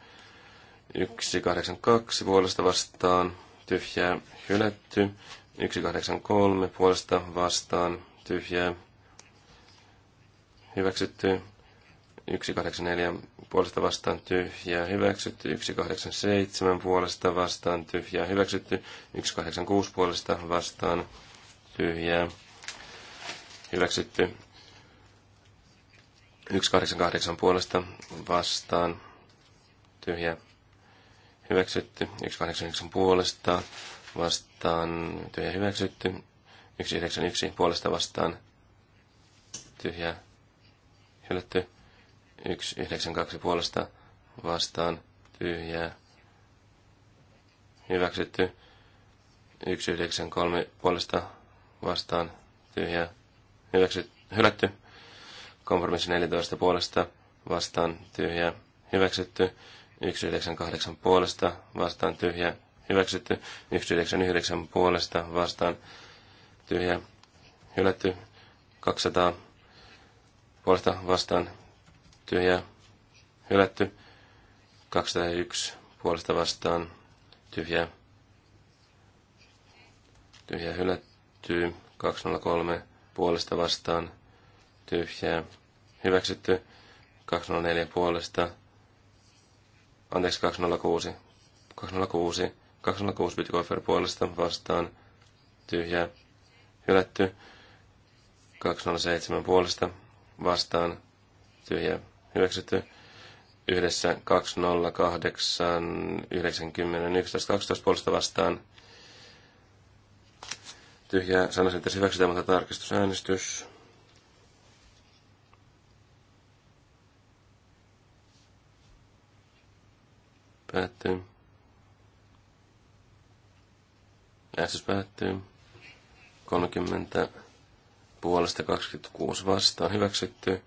182 puolesta vastaan tyhjä. Hylätty. 183 puolesta vastaan tyhjä. Hyväksytty. 184 puolesta vastaan tyhjää hyväksytty, 187 puolesta vastaan tyhjää hyväksytty, 186 puolesta vastaan tyhjää hyväksytty, 188 puolesta vastaan tyhjää hyväksytty, 189 puolesta vastaan tyhjää hyväksytty, 191 puolesta vastaan tyhjää hylätty, 192 puolesta vastaan tyhjää hyväksytty. 193 puolesta vastaan tyhjää Hyväksyt, Hylätty. Kompromissi 14 puolesta vastaan tyhjää hyväksytty. 198 puolesta vastaan tyhjää. hyväksytty. 199 puolesta vastaan tyhjää. hylätty. 200 puolesta vastaan hylätty ja hylätty. 201 puolesta vastaan tyhjä. Tyhjä hylätty. 203 puolesta vastaan tyhjä. hyväksytty. 204 puolesta anteeksi 206 206 206 Bitcoin puolesta vastaan tyhjä. hylätty. 207 puolesta vastaan tyhjä hyväksytty yhdessä 208, 90, 11, 12 puolesta vastaan. Tyhjää sanoisin, että se hyväksytään, mutta tarkistusäänestys. Päättyy. Äänestys päättyy. 30 puolesta 26 vastaan hyväksytty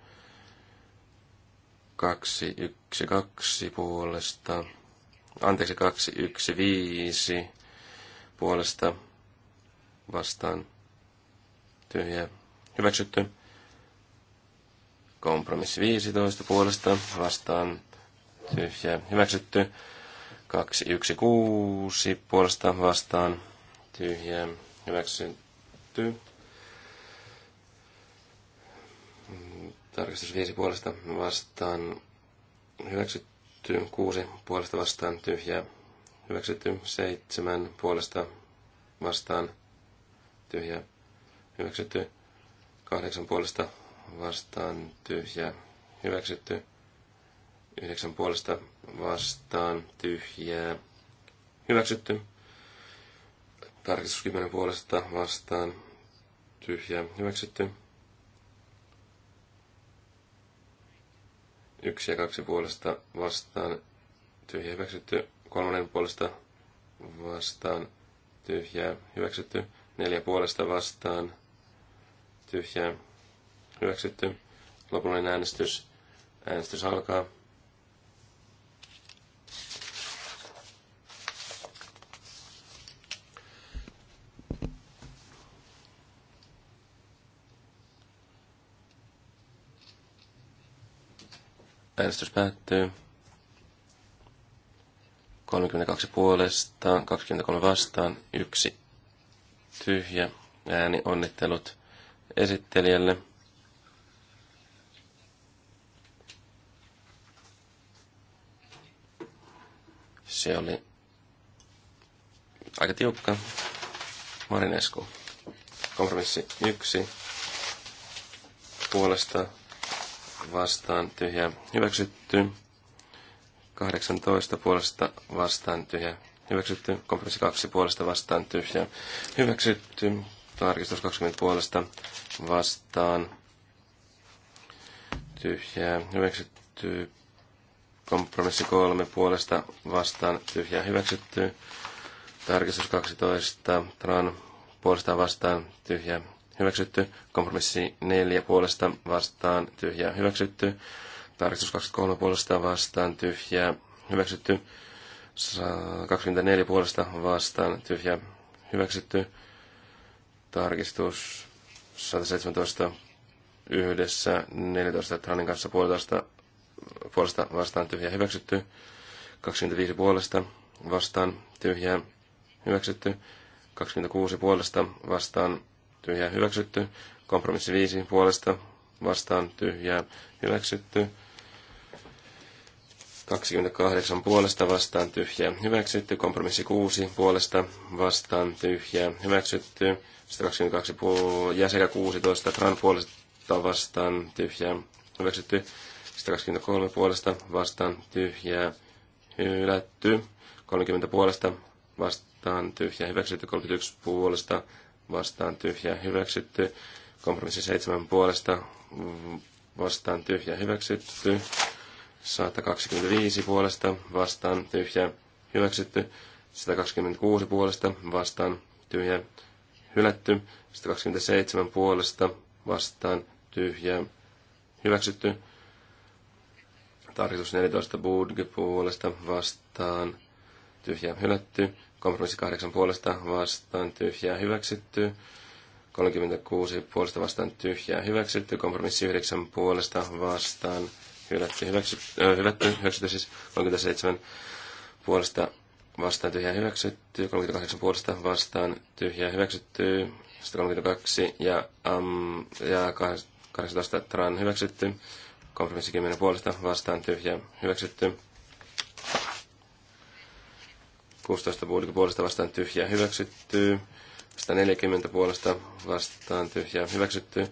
kaksi, yksi, kaksi puolesta. Anteeksi, kaksi, yksi, viisi puolesta vastaan tyhjä hyväksytty. Kompromissi 15 puolesta vastaan tyhjä hyväksytty. 216 puolesta vastaan tyhjä hyväksytty. Tarkistus 5 puolesta vastaan hyväksytty. 6 puolesta vastaan tyhjä Hyväksytty. 7 puolesta vastaan tyhjä Hyväksytty. 8 puolesta vastaan tyhjä Hyväksytty. 9 puolesta vastaan tyhjää. Hyväksytty. Tarkistus 10 puolesta vastaan tyhjä Hyväksytty. Yksi ja kaksi puolesta vastaan tyhjä hyväksytty. Kolmannen puolesta vastaan tyhjä hyväksytty. Neljä puolesta vastaan tyhjä hyväksytty. Lopullinen äänestys. Äänestys alkaa. Äänestys päättyy. 32 puolesta, 23 vastaan, yksi tyhjä ääni. Onnittelut esittelijälle. Se oli aika tiukka. Marinesku. Kompromissi yksi puolesta vastaan tyhjä hyväksytty. 18 puolesta vastaan tyhjä hyväksytty. Kompromissi 2 puolesta vastaan tyhjä hyväksytty. Tarkistus 20 puolesta vastaan tyhjä hyväksytty. Kompromissi 3 puolesta vastaan tyhjä hyväksytty. Tarkistus 12 tran puolesta vastaan tyhjä hyväksytty. Kompromissi 4 puolesta vastaan tyhjä hyväksytty. Tarkistus 23 puolesta vastaan tyhjä hyväksytty. 24 puolesta vastaan tyhjä hyväksytty. Tarkistus 117 yhdessä 14 Tranin kanssa puolesta, puolesta vastaan tyhjä hyväksytty. 25 puolesta vastaan tyhjä hyväksytty. 26 puolesta vastaan tyhjä hyväksytty. Kompromissi viisi puolesta vastaan tyhjä hyväksytty. 28 puolesta vastaan tyhjä hyväksytty. Kompromissi 6 puolesta vastaan tyhjä hyväksytty. 122 puolesta ja sekä 16 tran puolesta vastaan tyhjä hyväksytty. 123 puolesta vastaan tyhjä hylätty. 30 puolesta vastaan tyhjä hyväksytty. 31 puolesta vastaan tyhjä hyväksytty. Kompromissi seitsemän puolesta vastaan tyhjä hyväksytty. 125 puolesta vastaan tyhjä hyväksytty. 126 puolesta vastaan tyhjä hylätty. 127 puolesta vastaan tyhjä hyväksytty. Tarkistus 14 Budge puolesta vastaan tyhjää hylätty. Kompromissi kahdeksan puolesta vastaan tyhjää hyväksytty. 36 puolesta vastaan tyhjää hyväksytty. Kompromissi yhdeksän puolesta vastaan hylätty. Hyväksytty, äh, hylätty, hyväksytty siis 37 puolesta vastaan tyhjää hyväksytty. 38 puolesta vastaan tyhjää hyväksytty. 132 ja, um, ja 18 tran hyväksytty. Kompromissi 10 puolesta vastaan tyhjää hyväksytty. 16 puolesta vastaan tyhjää hyväksytty. 140 puolesta vastaan tyhjää hyväksytty.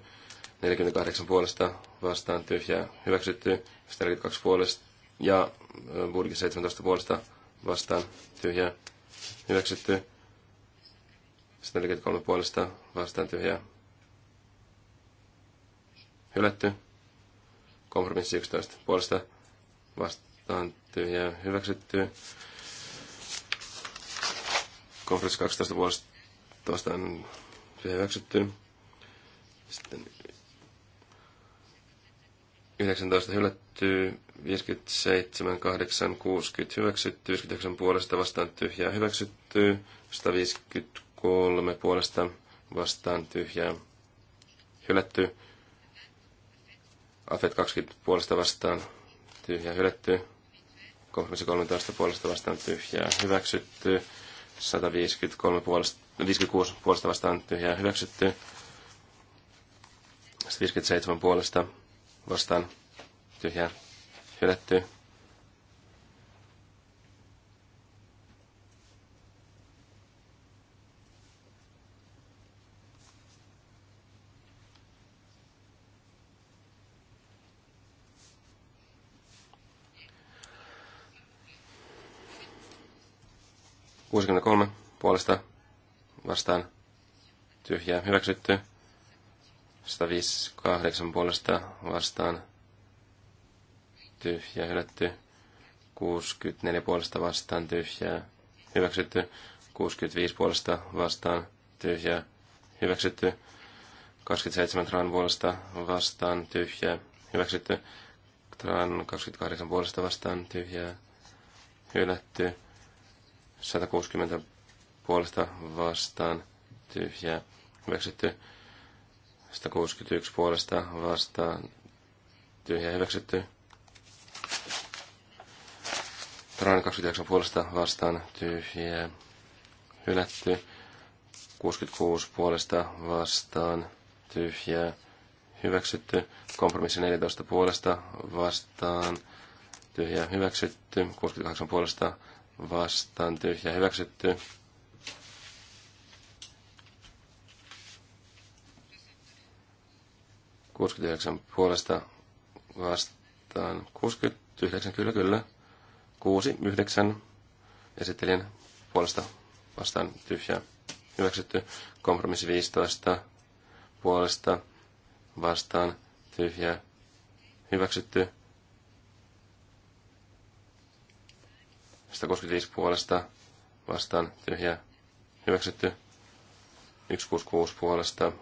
48 puolesta vastaan tyhjää hyväksytty. 142 puolesta ja Burgi 17 puolesta vastaan tyhjää hyväksytty. 143 puolesta vastaan tyhjää hylätty. Kompromissi 11 puolesta vastaan tyhjää hyväksytty. Kompromissi 12 puolesta on hyväksytty. Sitten 19 hylätty, 57, 8, 60 hyväksytty, 59 puolesta vastaan tyhjää hyväksytty, 153 puolesta vastaan tyhjää hylätty, Afet 20 puolesta vastaan tyhjää hylätty, 13 puolesta vastaan tyhjää hyväksytty, 153 puolesta, 56 puolesta vastaan tyhjää hyväksytty. 157 puolesta vastaan tyhjää hylätty. 63 puolesta vastaan tyhjää hyväksytty. 158 puolesta vastaan tyhjää hylätty. 64 puolesta vastaan tyhjää hyväksytty. 65 puolesta vastaan tyhjää hyväksytty. 27 tran puolesta vastaan tyhjää hyväksytty. Tran 28 puolesta vastaan tyhjää hylätty. 160 puolesta vastaan tyhjää hyväksytty. 161 puolesta vastaan tyhjää hyväksytty. Tran 29 puolesta vastaan tyhjää hylätty. 66 puolesta vastaan tyhjää hyväksytty. Kompromissi 14 puolesta vastaan tyhjää hyväksytty. 68 puolesta vastaan tyhjä hyväksytty. Kuusikymmentäyhdeksän puolesta vastaan. 69, kyllä, kyllä. 6, 9. Esittelijän puolesta vastaan tyhjä hyväksytty. Kompromissi 15 puolesta vastaan tyhjä hyväksytty. 165 puolesta vastaan tyhjä hyväksytty. 166 puolesta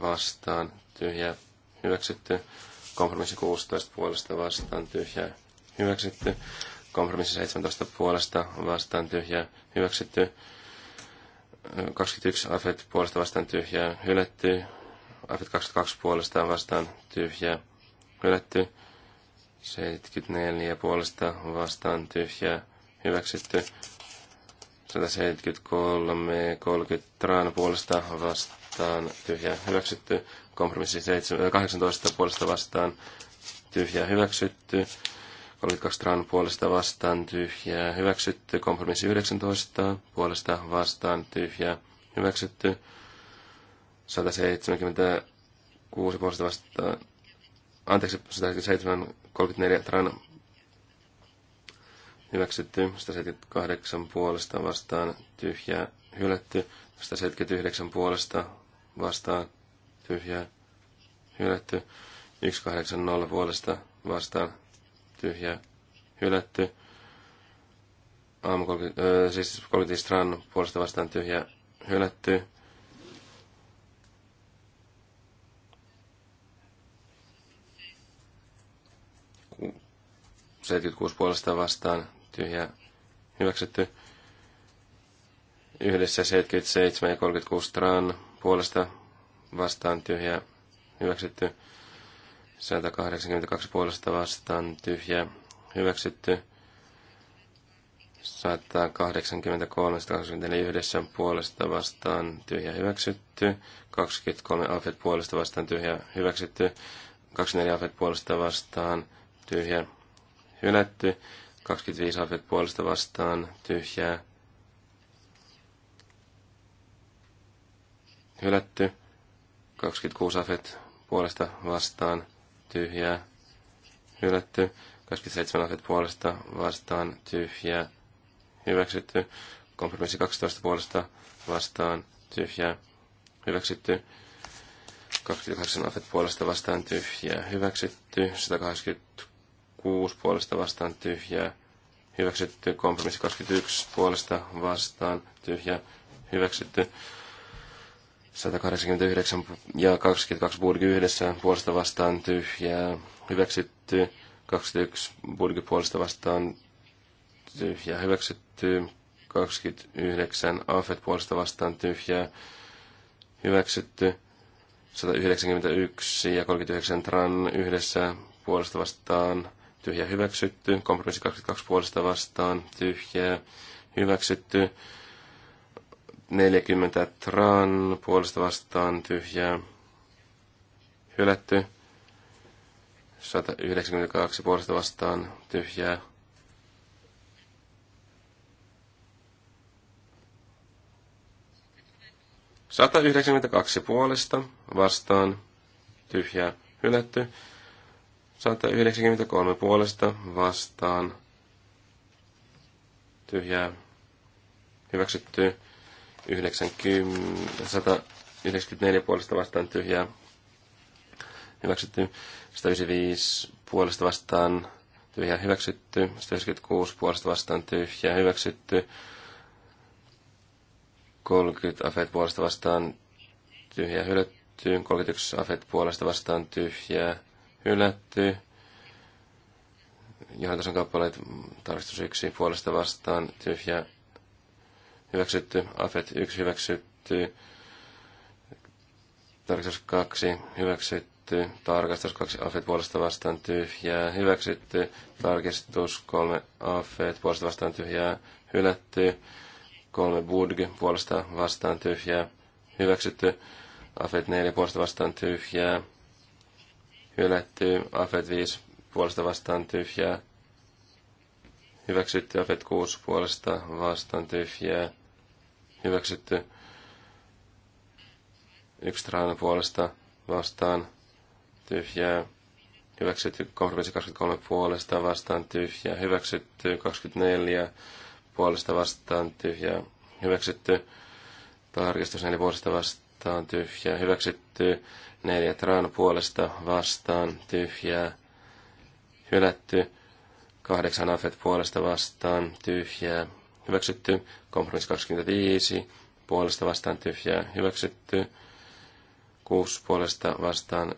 vastaan tyhjä hyväksytty. Kompromissi 16 puolesta vastaan tyhjä hyväksytty. Kompromissi 17 puolesta vastaan tyhjä hyväksytty. 21 afet puolesta vastaan tyhjä hylätty. Afet 22 puolesta vastaan tyhjä hylätty. 74 puolesta vastaan tyhjä hyväksytty. 173, 30 traan puolesta vastaan, tyhjä hyväksytty. Kompromissi 7, 18 äh, puolesta vastaan, tyhjä hyväksytty. 32 traan puolesta vastaan, tyhjä hyväksytty. Kompromissi 19 puolesta vastaan, tyhjä hyväksytty. 176 puolesta vastaan, anteeksi, 174 tran hyväksytty, 178 puolesta vastaan tyhjää hylätty, 179 puolesta vastaan tyhjää hylätty, 180 puolesta vastaan tyhjää hylätty, aamu 30, ö, siis 30 Stran puolesta vastaan tyhjää hylätty, Ku, 76 puolesta vastaan ja hyväksytty. Yhdessä 77 ja 36 tran puolesta vastaan tyhjä hyväksytty. 182 puolesta vastaan tyhjä hyväksytty. 183 yhdessä puolesta vastaan tyhjä hyväksytty. 23 afet puolesta vastaan tyhjä hyväksytty. 24 afet puolesta vastaan tyhjä hylätty. 25 afet puolesta vastaan tyhjää. Hylätty. 26 afet puolesta vastaan tyhjää. Hylätty. 27 afet puolesta vastaan tyhjää. Hyväksytty. Kompromissi 12 puolesta vastaan tyhjää. Hyväksytty. 28 afet puolesta vastaan tyhjää. Hyväksytty. 180 6 puolesta vastaan tyhjää. Hyväksytty kompromissi 21 puolesta vastaan tyhjää. Hyväksytty 189 ja 22 budgi yhdessä puolesta vastaan tyhjää. Hyväksytty 21 budgi puolesta vastaan tyhjää. Hyväksytty 29 afet puolesta vastaan tyhjää. Hyväksytty 191 ja 39 tran yhdessä puolesta vastaan tyhjä hyväksytty. Kompromissi 22 puolesta vastaan, tyhjää hyväksytty. 40 tran puolesta vastaan, tyhjää hylätty. 192 puolesta vastaan, tyhjää Sata yhdeksänkymmentäkaksi puolesta vastaan tyhjä hylätty. 193 puolesta vastaan. Tyhjää. Hyväksytty. 90, 194 puolesta vastaan tyhjää. Hyväksytty. 195 puolesta vastaan tyhjää hyväksytty. 196 puolesta vastaan tyhjää hyväksytty. 30 afet puolesta vastaan tyhjää hylätty. 31 afet puolesta vastaan tyhjää hylätty. Johdantason kappaleet tarkistus yksi puolesta vastaan tyhjä hyväksytty. Afet yksi hyväksytty. Tarkistus kaksi hyväksytty. Tarkastus kaksi Afet puolesta vastaan tyhjää hyväksytty. Tarkistus kolme Afet puolesta vastaan tyhjää hylätty. kolme Budg puolesta vastaan tyhjää hyväksytty. Afet neljä puolesta vastaan tyhjää hylätty, Afet 5 puolesta vastaan tyhjää, hyväksytty, Afet 6 puolesta vastaan tyhjää, hyväksytty, Ykstraana puolesta vastaan tyhjää, hyväksytty, 23 puolesta vastaan tyhjää, hyväksytty, 24 puolesta vastaan tyhjää, hyväksytty, tarkistus 4 puolesta vastaan vastaan tyhjä hyväksytty. Neljä traan puolesta vastaan tyhjää hylätty. Kahdeksan afet puolesta vastaan tyhjää hyväksytty. Kompromissi 25 puolesta vastaan tyhjää hyväksytty. Kuusi puolesta vastaan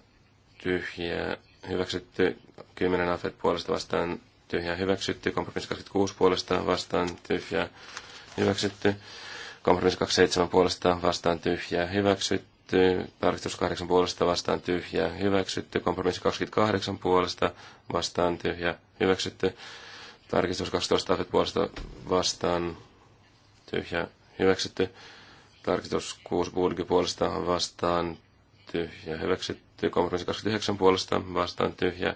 tyhjää hyväksytty. Kymmenen afet puolesta vastaan tyhjää hyväksytty. Kompromissi 26 puolesta vastaan tyhjää hyväksytty. Kompromissi 27 puolesta vastaan tyhjää hyväksytty. Tarkistus 8 puolesta vastaan tyhjää hyväksytty. Kompromissi 28 puolesta vastaan tyhjää hyväksytty. Tarkistus 12 puolesta vastaan tyhjää hyväksytty. Tarkistus 6 Bulgi puolesta vastaan tyhjä hyväksytty. Kompromissi 29 puolesta vastaan tyhjä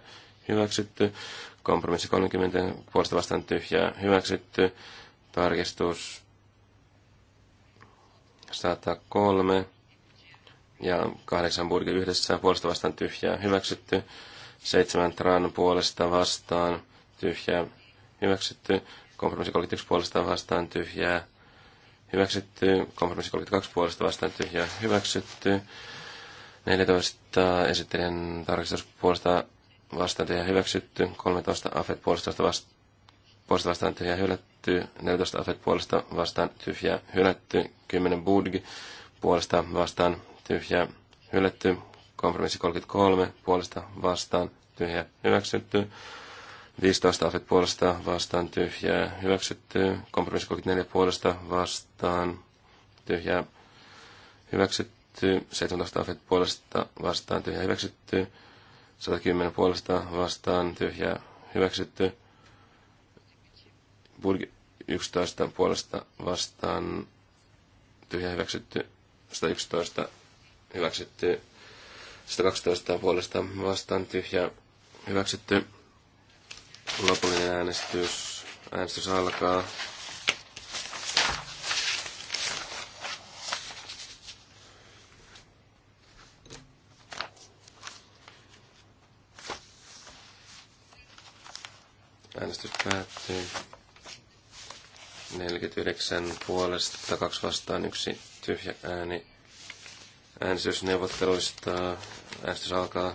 hyväksytty. Kompromissi 30 puolesta vastaan tyhjä hyväksytty. Tarkistus 103 ja 8 burgi yhdessä puolesta vastaan tyhjää hyväksytty. 7 Tran puolesta vastaan tyhjää hyväksytty. Kompromissi 31 puolesta vastaan tyhjää hyväksytty. Kompromissi 32 puolesta vastaan tyhjää hyväksytty. 14 esittelijän tarkistus puolesta vastaan tyhjää hyväksytty. 13 Afet puolesta vastaan puolesta vastaan tyhjää hylätty, 14 afet puolesta vastaan tyhjää hylätty, 10 budg puolesta vastaan tyhjää hylätty, kompromissi 33 puolesta vastaan tyhjää hyväksytty, 15 afet puolesta vastaan tyhjää hyväksytty, kompromissi 34 puolesta vastaan tyhjää hyväksytty, 17 afet puolesta vastaan tyhjää hyväksytty, 110 puolesta vastaan tyhjää hyväksytty, Burg 11 puolesta vastaan tyhjä hyväksytty. 111 hyväksytty. 112 puolesta vastaan tyhjä hyväksytty. Lopullinen äänestys. Äänestys alkaa. 49 puolesta, 2 vastaan, yksi tyhjä ääni. Äänestysneuvotteluista äänestys alkaa.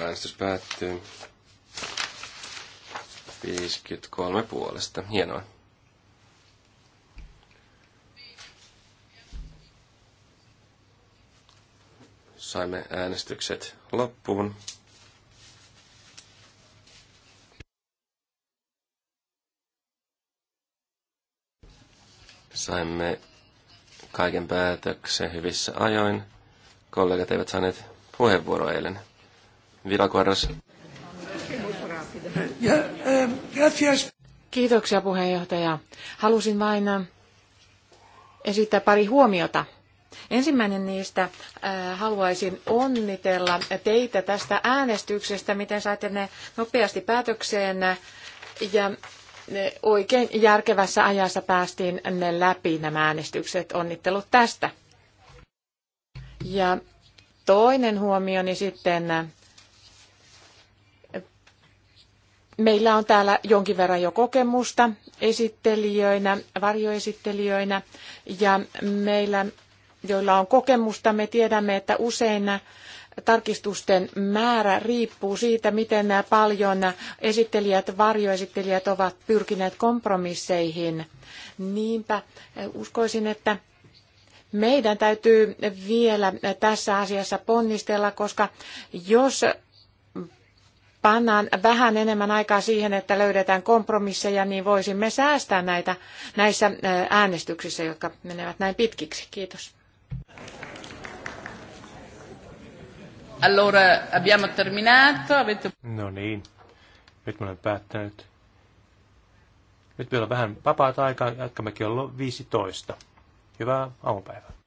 Äänestys päättyy. 53 puolesta. Hienoa. Saimme äänestykset loppuun. Saimme kaiken päätöksen hyvissä ajoin. Kollegat eivät saaneet puheenvuoroa eilen. Vilakuoros. Ähm, Kiitoksia puheenjohtaja. Halusin vain äh, esittää pari huomiota. Ensimmäinen niistä äh, haluaisin onnitella teitä tästä äänestyksestä, miten saitte ne nopeasti päätökseen. Ja oikein järkevässä ajassa päästiin ne läpi nämä äänestykset. Onnittelut tästä. Ja toinen huomioni sitten Meillä on täällä jonkin verran jo kokemusta esittelijöinä, varjoesittelijöinä ja meillä, joilla on kokemusta, me tiedämme, että usein tarkistusten määrä riippuu siitä, miten paljon esittelijät, varjoesittelijät ovat pyrkineet kompromisseihin. Niinpä eh, uskoisin, että meidän täytyy vielä tässä asiassa ponnistella, koska jos pannaan vähän enemmän aikaa siihen, että löydetään kompromisseja, niin voisimme säästää näitä näissä eh, äänestyksissä, jotka menevät näin pitkiksi. Kiitos. Allora, abbiamo terminato. Avete... No niin, nyt mä olen päättänyt. Nyt vielä vähän vapaata aikaa, jatkammekin kello 15. Hyvää aamupäivää.